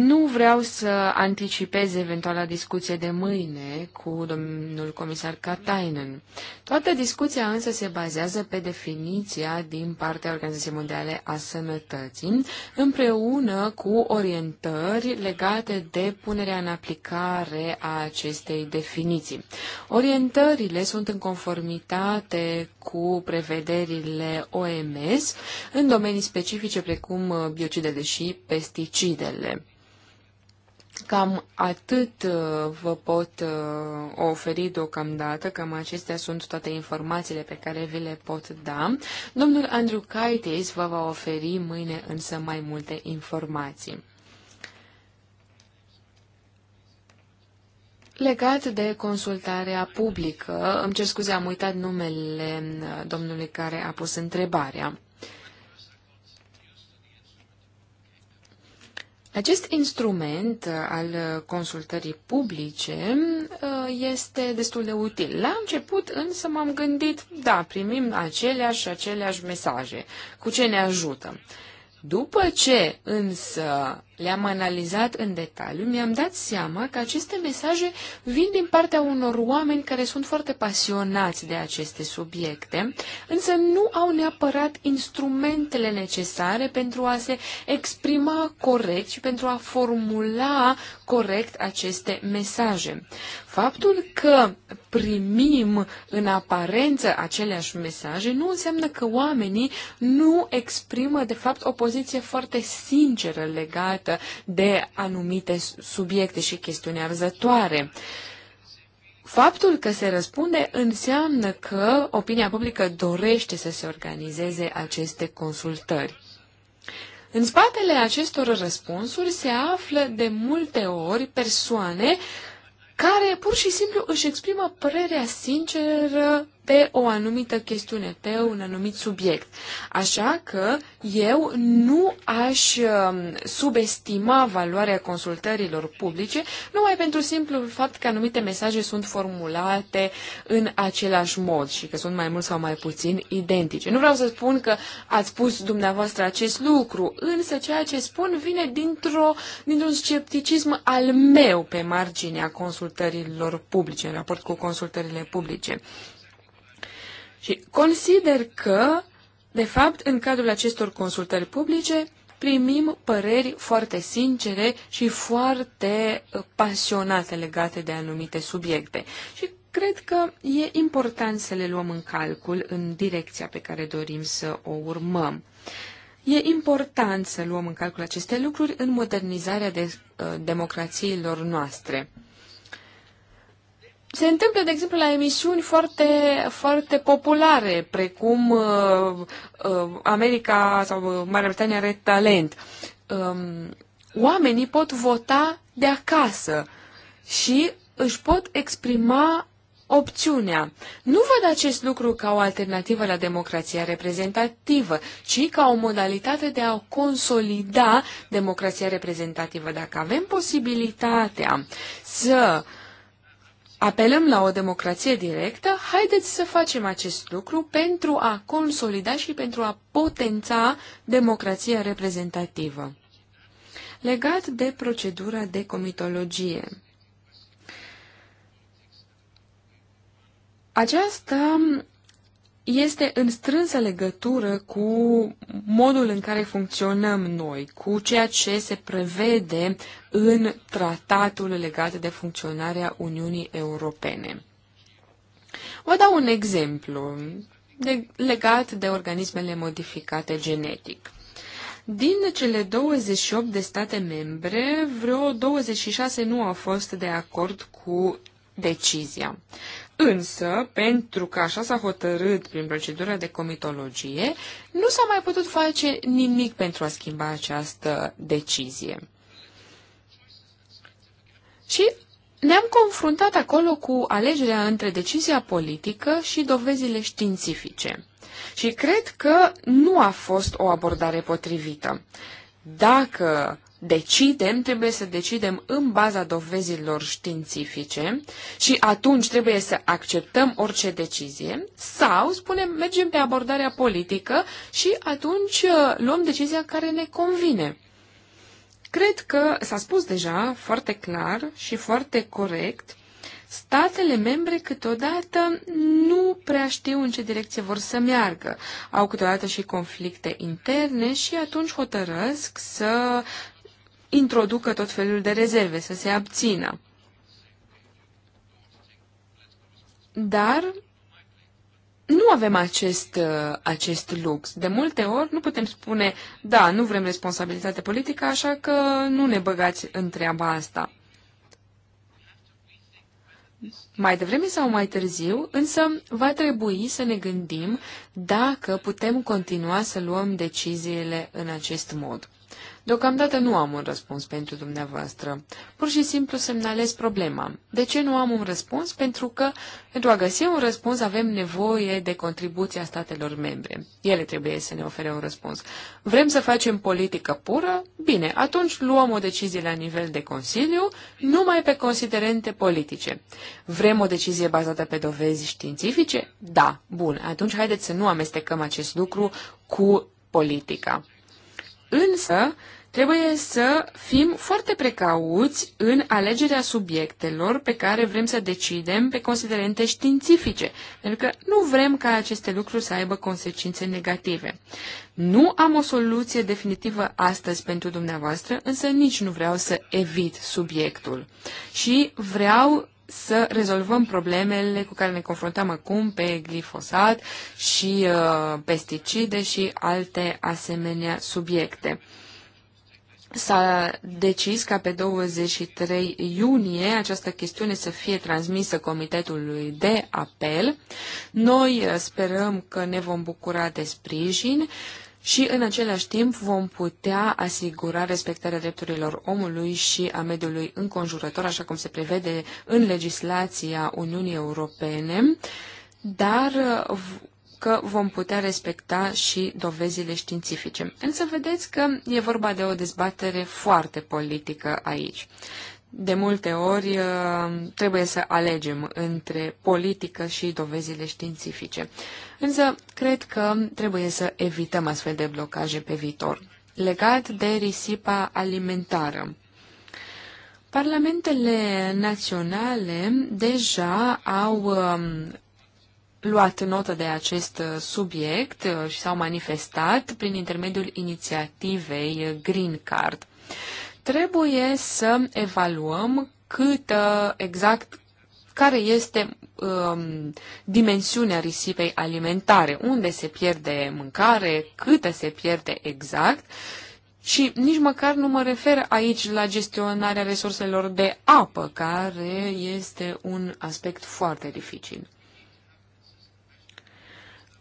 S1: nu vreau să anticipez eventuala discuție de mâine cu domnul comisar Katainen. Toată discuția însă se bazează pe definiția din partea Organizației Mondiale a Sănătății, împreună cu orientări legate de punerea în aplicare a acestei definiții. Orientările sunt în conformitate cu prevederile OMS în domenii specifice precum biocidele și pesticidele. Cam atât uh, vă pot uh, oferi deocamdată, cam acestea sunt toate informațiile pe care vi le pot da. Domnul Andrew Kaitis vă va oferi mâine însă mai multe informații. Legat de consultarea publică, îmi cer scuze, am uitat numele uh, domnului care a pus întrebarea. Acest instrument uh, al consultării publice uh, este destul de util. La început însă m-am gândit, da, primim aceleași și aceleași mesaje. Cu ce ne ajută? După ce însă le-am analizat în detaliu, mi-am dat seama că aceste mesaje vin din partea unor oameni care sunt foarte pasionați de aceste subiecte, însă nu au neapărat instrumentele necesare pentru a se exprima corect și pentru a formula corect aceste mesaje. Faptul că primim în aparență aceleași mesaje nu înseamnă că oamenii nu exprimă, de fapt, o poziție foarte sinceră legată legată de anumite subiecte și chestiuni arzătoare. Faptul că se răspunde înseamnă că opinia publică dorește să se organizeze aceste consultări. În spatele acestor răspunsuri se află de multe ori persoane care pur și simplu își exprimă părerea sinceră pe o anumită chestiune, pe un anumit subiect. Așa că eu nu aș um, subestima valoarea consultărilor publice numai pentru simplul fapt că anumite mesaje sunt formulate în același mod și că sunt mai mult sau mai puțin identice. Nu vreau să spun că ați spus dumneavoastră acest lucru, însă ceea ce spun vine dintr-o, dintr-un scepticism al meu pe marginea consultărilor publice, în raport cu consultările publice. Și consider că, de fapt, în cadrul acestor consultări publice, primim păreri foarte sincere și foarte uh, pasionate legate de anumite subiecte. Și cred că e important să le luăm în calcul în direcția pe care dorim să o urmăm. E important să luăm în calcul aceste lucruri în modernizarea de, uh, democrațiilor noastre se întâmplă, de exemplu, la emisiuni foarte, foarte populare, precum uh, uh, America sau Marea Britanie are talent. Um, oamenii pot vota de acasă și își pot exprima opțiunea. Nu văd acest lucru ca o alternativă la democrația reprezentativă, ci ca o modalitate de a consolida democrația reprezentativă. Dacă avem posibilitatea să uh, apelăm la o democrație directă, haideți să facem acest lucru pentru a consolida și pentru a potența democrația reprezentativă. Legat de procedura de comitologie. Aceasta este în strânsă legătură cu modul în care funcționăm noi, cu ceea ce se prevede în tratatul legat de funcționarea Uniunii Europene. Vă dau un exemplu de, legat de organismele modificate genetic. Din cele 28 de state membre, vreo 26 nu au fost de acord cu decizia. Însă, pentru că așa s-a hotărât prin procedura de comitologie, nu s-a mai putut face nimic pentru a schimba această decizie. Și ne-am confruntat acolo cu alegerea între decizia politică și dovezile științifice. Și cred că nu a fost o abordare potrivită. Dacă decidem, trebuie să decidem în baza dovezilor științifice și atunci trebuie să acceptăm orice decizie sau spunem mergem pe abordarea politică și atunci uh, luăm decizia care ne convine. Cred că s-a spus deja foarte clar și foarte corect statele membre câteodată nu prea știu în ce direcție vor să meargă. Au câteodată și conflicte interne și atunci hotărăsc să introducă tot felul de rezerve, să se abțină. Dar nu avem acest, uh, acest lux. De multe ori nu putem spune, da, nu vrem responsabilitate politică, așa că nu ne băgați în treaba asta. Mai devreme sau mai târziu, însă va trebui să ne gândim dacă putem continua să luăm deciziile în acest mod. Deocamdată nu am un răspuns pentru dumneavoastră. Pur și simplu semnalez problema. De ce nu am un răspuns? Pentru că, pentru a găsi un răspuns, avem nevoie de contribuția statelor membre. Ele trebuie să ne ofere un răspuns. Vrem să facem politică pură? Bine, atunci luăm o decizie la nivel de Consiliu, numai pe considerente politice. Vrem o decizie bazată pe dovezi științifice? Da. Bun, atunci haideți să nu amestecăm acest lucru cu politica. Însă, trebuie să fim foarte precauți în alegerea subiectelor pe care vrem să decidem pe considerente științifice, pentru că nu vrem ca aceste lucruri să aibă consecințe negative. Nu am o soluție definitivă astăzi pentru dumneavoastră, însă nici nu vreau să evit subiectul. Și vreau să rezolvăm problemele cu care ne confruntăm acum pe glifosat și uh, pesticide și alte asemenea subiecte. S-a decis ca pe 23 iunie această chestiune să fie transmisă Comitetului de Apel. Noi uh, sperăm că ne vom bucura de sprijin. Uh, și în același timp vom putea asigura respectarea drepturilor omului și a mediului înconjurător, așa cum se prevede în legislația Uniunii Europene, dar că vom putea respecta și dovezile științifice. Însă vedeți că e vorba de o dezbatere foarte politică aici. De multe ori uh, trebuie să alegem între politică și dovezile științifice. Însă, cred că trebuie să evităm astfel de blocaje pe viitor. Legat de risipa alimentară. Parlamentele naționale deja au um, luat notă de acest subiect uh, și s-au manifestat prin intermediul inițiativei Green Card trebuie să evaluăm cât uh, exact care este um, dimensiunea risipei alimentare, unde se pierde mâncare, câtă se pierde exact și nici măcar nu mă refer aici la gestionarea resurselor de apă, care este un aspect foarte dificil.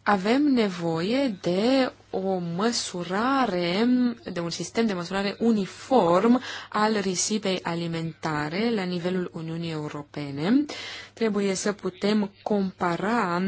S1: Avem nevoie de o măsurare, de un sistem de măsurare uniform al risipei alimentare la nivelul Uniunii Europene. Trebuie să putem compara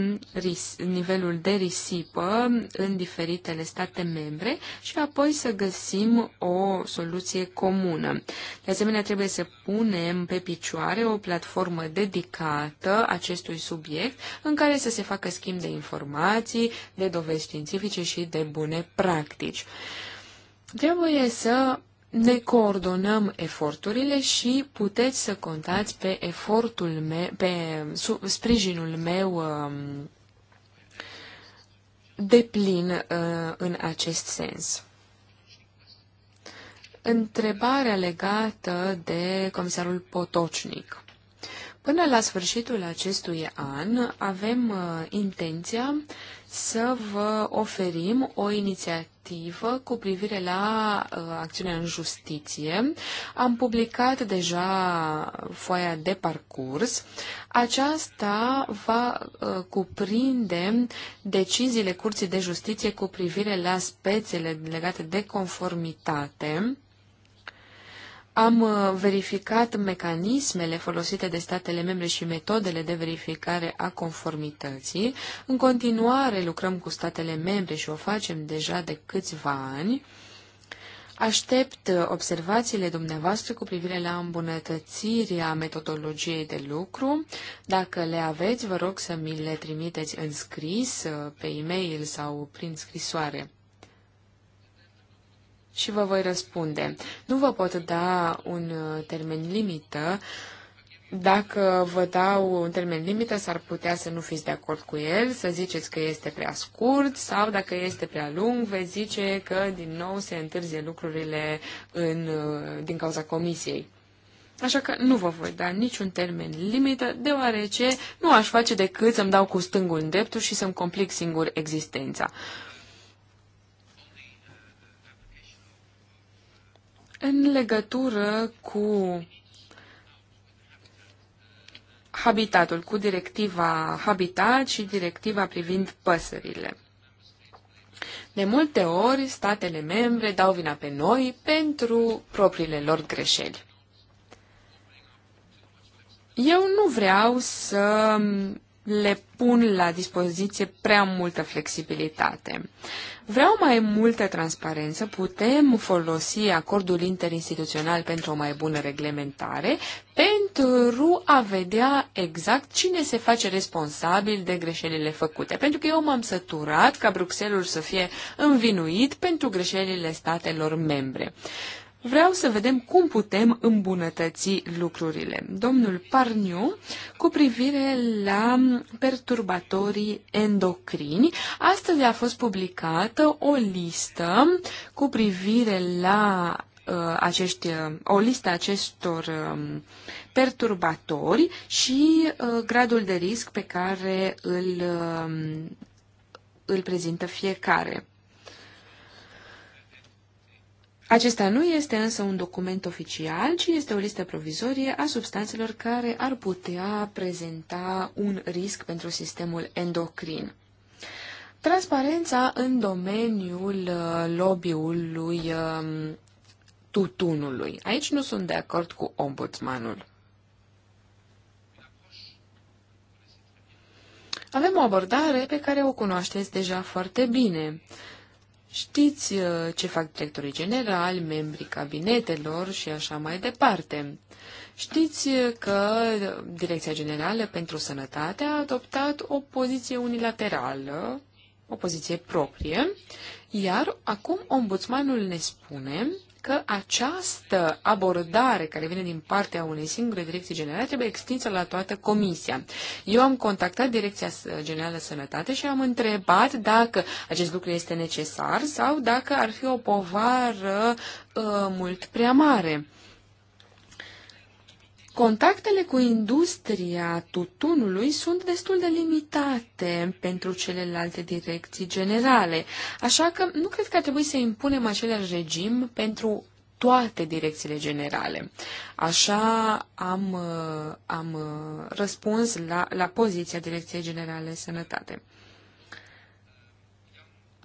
S1: nivelul de risipă în diferitele state membre și apoi să găsim o soluție comună. De asemenea, trebuie să punem pe picioare o platformă dedicată acestui subiect în care să se facă schimb de informații, de dovezi științifice și de bune practici. Trebuie să ne coordonăm eforturile și puteți să contați pe efortul meu, pe sprijinul meu um, de plin uh, în acest sens. Întrebarea legată de comisarul Potocnic. Până la sfârșitul acestui an avem uh, intenția să vă oferim o inițiativă cu privire la uh, acțiunea în justiție. Am publicat deja foaia de parcurs. Aceasta va uh, cuprinde deciziile Curții de Justiție cu privire la spețele legate de conformitate am uh, verificat mecanismele folosite de statele membre și metodele de verificare a conformității. În continuare lucrăm cu statele membre și o facem deja de câțiva ani. Aștept uh, observațiile dumneavoastră cu privire la îmbunătățirea metodologiei de lucru. Dacă le aveți, vă rog să mi le trimiteți în scris, uh, pe e-mail sau prin scrisoare și vă voi răspunde. Nu vă pot da un uh, termen limită. Dacă vă dau un termen limită, s-ar putea să nu fiți de acord cu el, să ziceți că este prea scurt sau dacă este prea lung, veți zice că din nou se întârzie lucrurile în, uh, din cauza comisiei. Așa că nu vă voi da niciun termen limită, deoarece nu aș face decât să-mi dau cu stângul în dreptul și să-mi complic singur existența. În legătură cu habitatul, cu directiva Habitat și directiva privind păsările. De multe ori, statele membre dau vina pe noi pentru propriile lor greșeli. Eu nu vreau să le pun la dispoziție prea multă flexibilitate. Vreau mai multă transparență, putem folosi acordul interinstituțional pentru o mai bună reglementare, pentru a vedea exact cine se face responsabil de greșelile făcute. Pentru că eu m-am săturat ca Bruxelles să fie învinuit pentru greșelile statelor membre vreau să vedem cum putem îmbunătăți lucrurile. Domnul Parniu, cu privire la perturbatorii endocrini, astăzi a fost publicată o listă cu privire la uh, acești, uh, o listă acestor uh, perturbatori și uh, gradul de risc pe care îl, uh, îl prezintă fiecare. Acesta nu este însă un document oficial, ci este o listă provizorie a substanțelor care ar putea prezenta un risc pentru sistemul endocrin. Transparența în domeniul uh, lobby-ului um, tutunului. Aici nu sunt de acord cu ombudsmanul. Avem o abordare pe care o cunoașteți deja foarte bine. Știți uh, ce fac directorii generali, membrii cabinetelor și așa mai departe. Știți uh, că Direcția Generală pentru Sănătate a adoptat o poziție unilaterală, o poziție proprie, iar acum ombudsmanul ne spune că această abordare care vine din partea unei singure direcții generale trebuie extinsă la toată comisia. Eu am contactat Direcția Generală Sănătate și am întrebat dacă acest lucru este necesar sau dacă ar fi o povară uh, mult prea mare. Contactele cu industria tutunului sunt destul de limitate pentru celelalte direcții generale, așa că nu cred că ar trebui să impunem același regim pentru toate direcțiile generale. Așa am, am uh, uh, răspuns la, la poziția Direcției Generale Sănătate.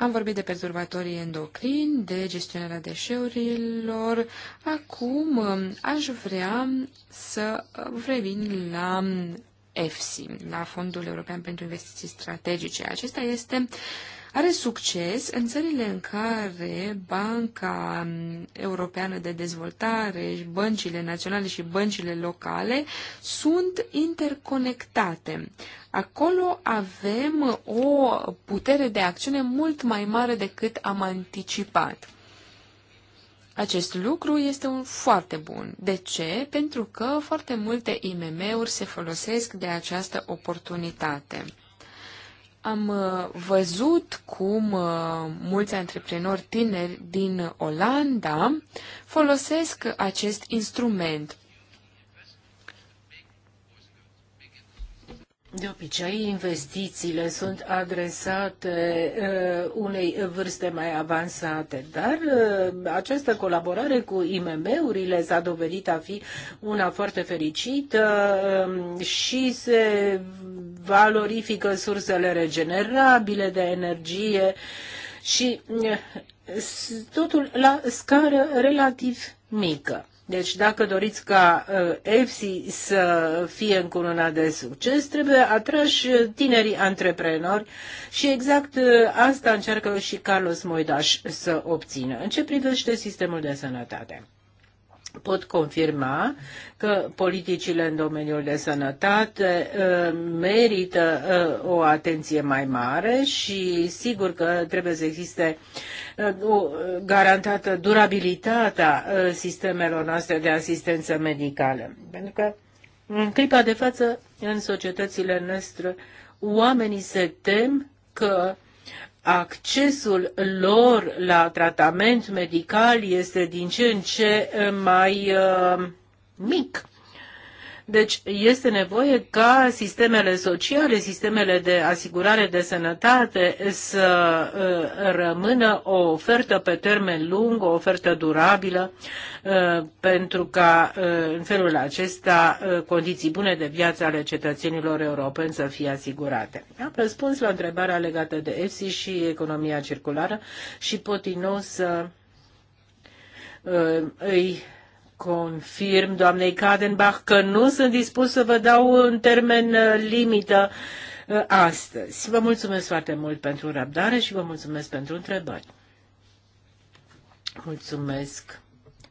S1: Am vorbit de perturbatorii endocrini, de gestionarea deșeurilor. Acum um, aș vrea să um, revin la um, EFSI, la Fondul European pentru Investiții Strategice. Acesta este uh, are succes în țările în care Banca Europeană de Dezvoltare, băncile naționale și băncile locale sunt interconectate. Acolo avem o putere de acțiune mult mai mare decât am anticipat. Acest lucru este un foarte bun. De ce? Pentru că foarte multe IMM-uri se folosesc de această oportunitate. Am uh, văzut cum uh, mulți antreprenori tineri din Olanda folosesc acest instrument De obicei,
S3: investițiile sunt adresate uh, unei vârste mai avansate, dar uh, această colaborare cu IMM-urile s-a dovedit a fi una foarte fericită uh, și se valorifică sursele regenerabile de energie și uh, totul la scară relativ mică. Deci dacă doriți ca EFSI uh, să fie încununat de succes, trebuie atrași uh, tinerii antreprenori și exact uh, asta încearcă și Carlos Moidaș să obțină. În ce privește sistemul de sănătate? pot confirma că politicile în domeniul de sănătate uh, merită uh, o atenție mai mare și sigur că trebuie să existe uh, o garantată durabilitatea sistemelor noastre de asistență medicală. Pentru că în clipa de față, în societățile noastre, oamenii se tem că accesul lor la tratament medical este din ce în ce mai uh, mic. Deci este nevoie ca sistemele sociale, sistemele de asigurare de sănătate să uh, rămână o ofertă pe termen lung, o ofertă durabilă, uh, pentru ca uh, în felul acesta condiții bune de viață ale cetățenilor europeni să fie asigurate. Am răspuns la întrebarea legată de EFSI și economia circulară și pot din nou să îi confirm doamnei Kadenbach că nu sunt dispus să vă dau un termen uh, limită uh, astăzi. Vă mulțumesc foarte mult pentru răbdare și vă mulțumesc pentru întrebări. Mulțumesc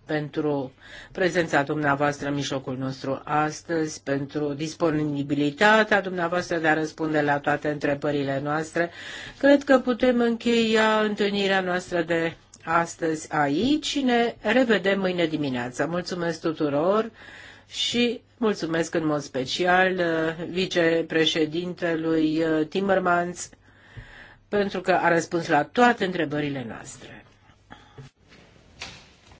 S3: pentru prezența dumneavoastră în mijlocul nostru astăzi, pentru disponibilitatea dumneavoastră de a răspunde la toate întrebările noastre. Cred că putem încheia întâlnirea noastră de astăzi aici și ne revedem mâine dimineața. Mulțumesc tuturor și mulțumesc în mod special uh, vicepreședintelui uh, Timmermans pentru că a răspuns la toate întrebările noastre.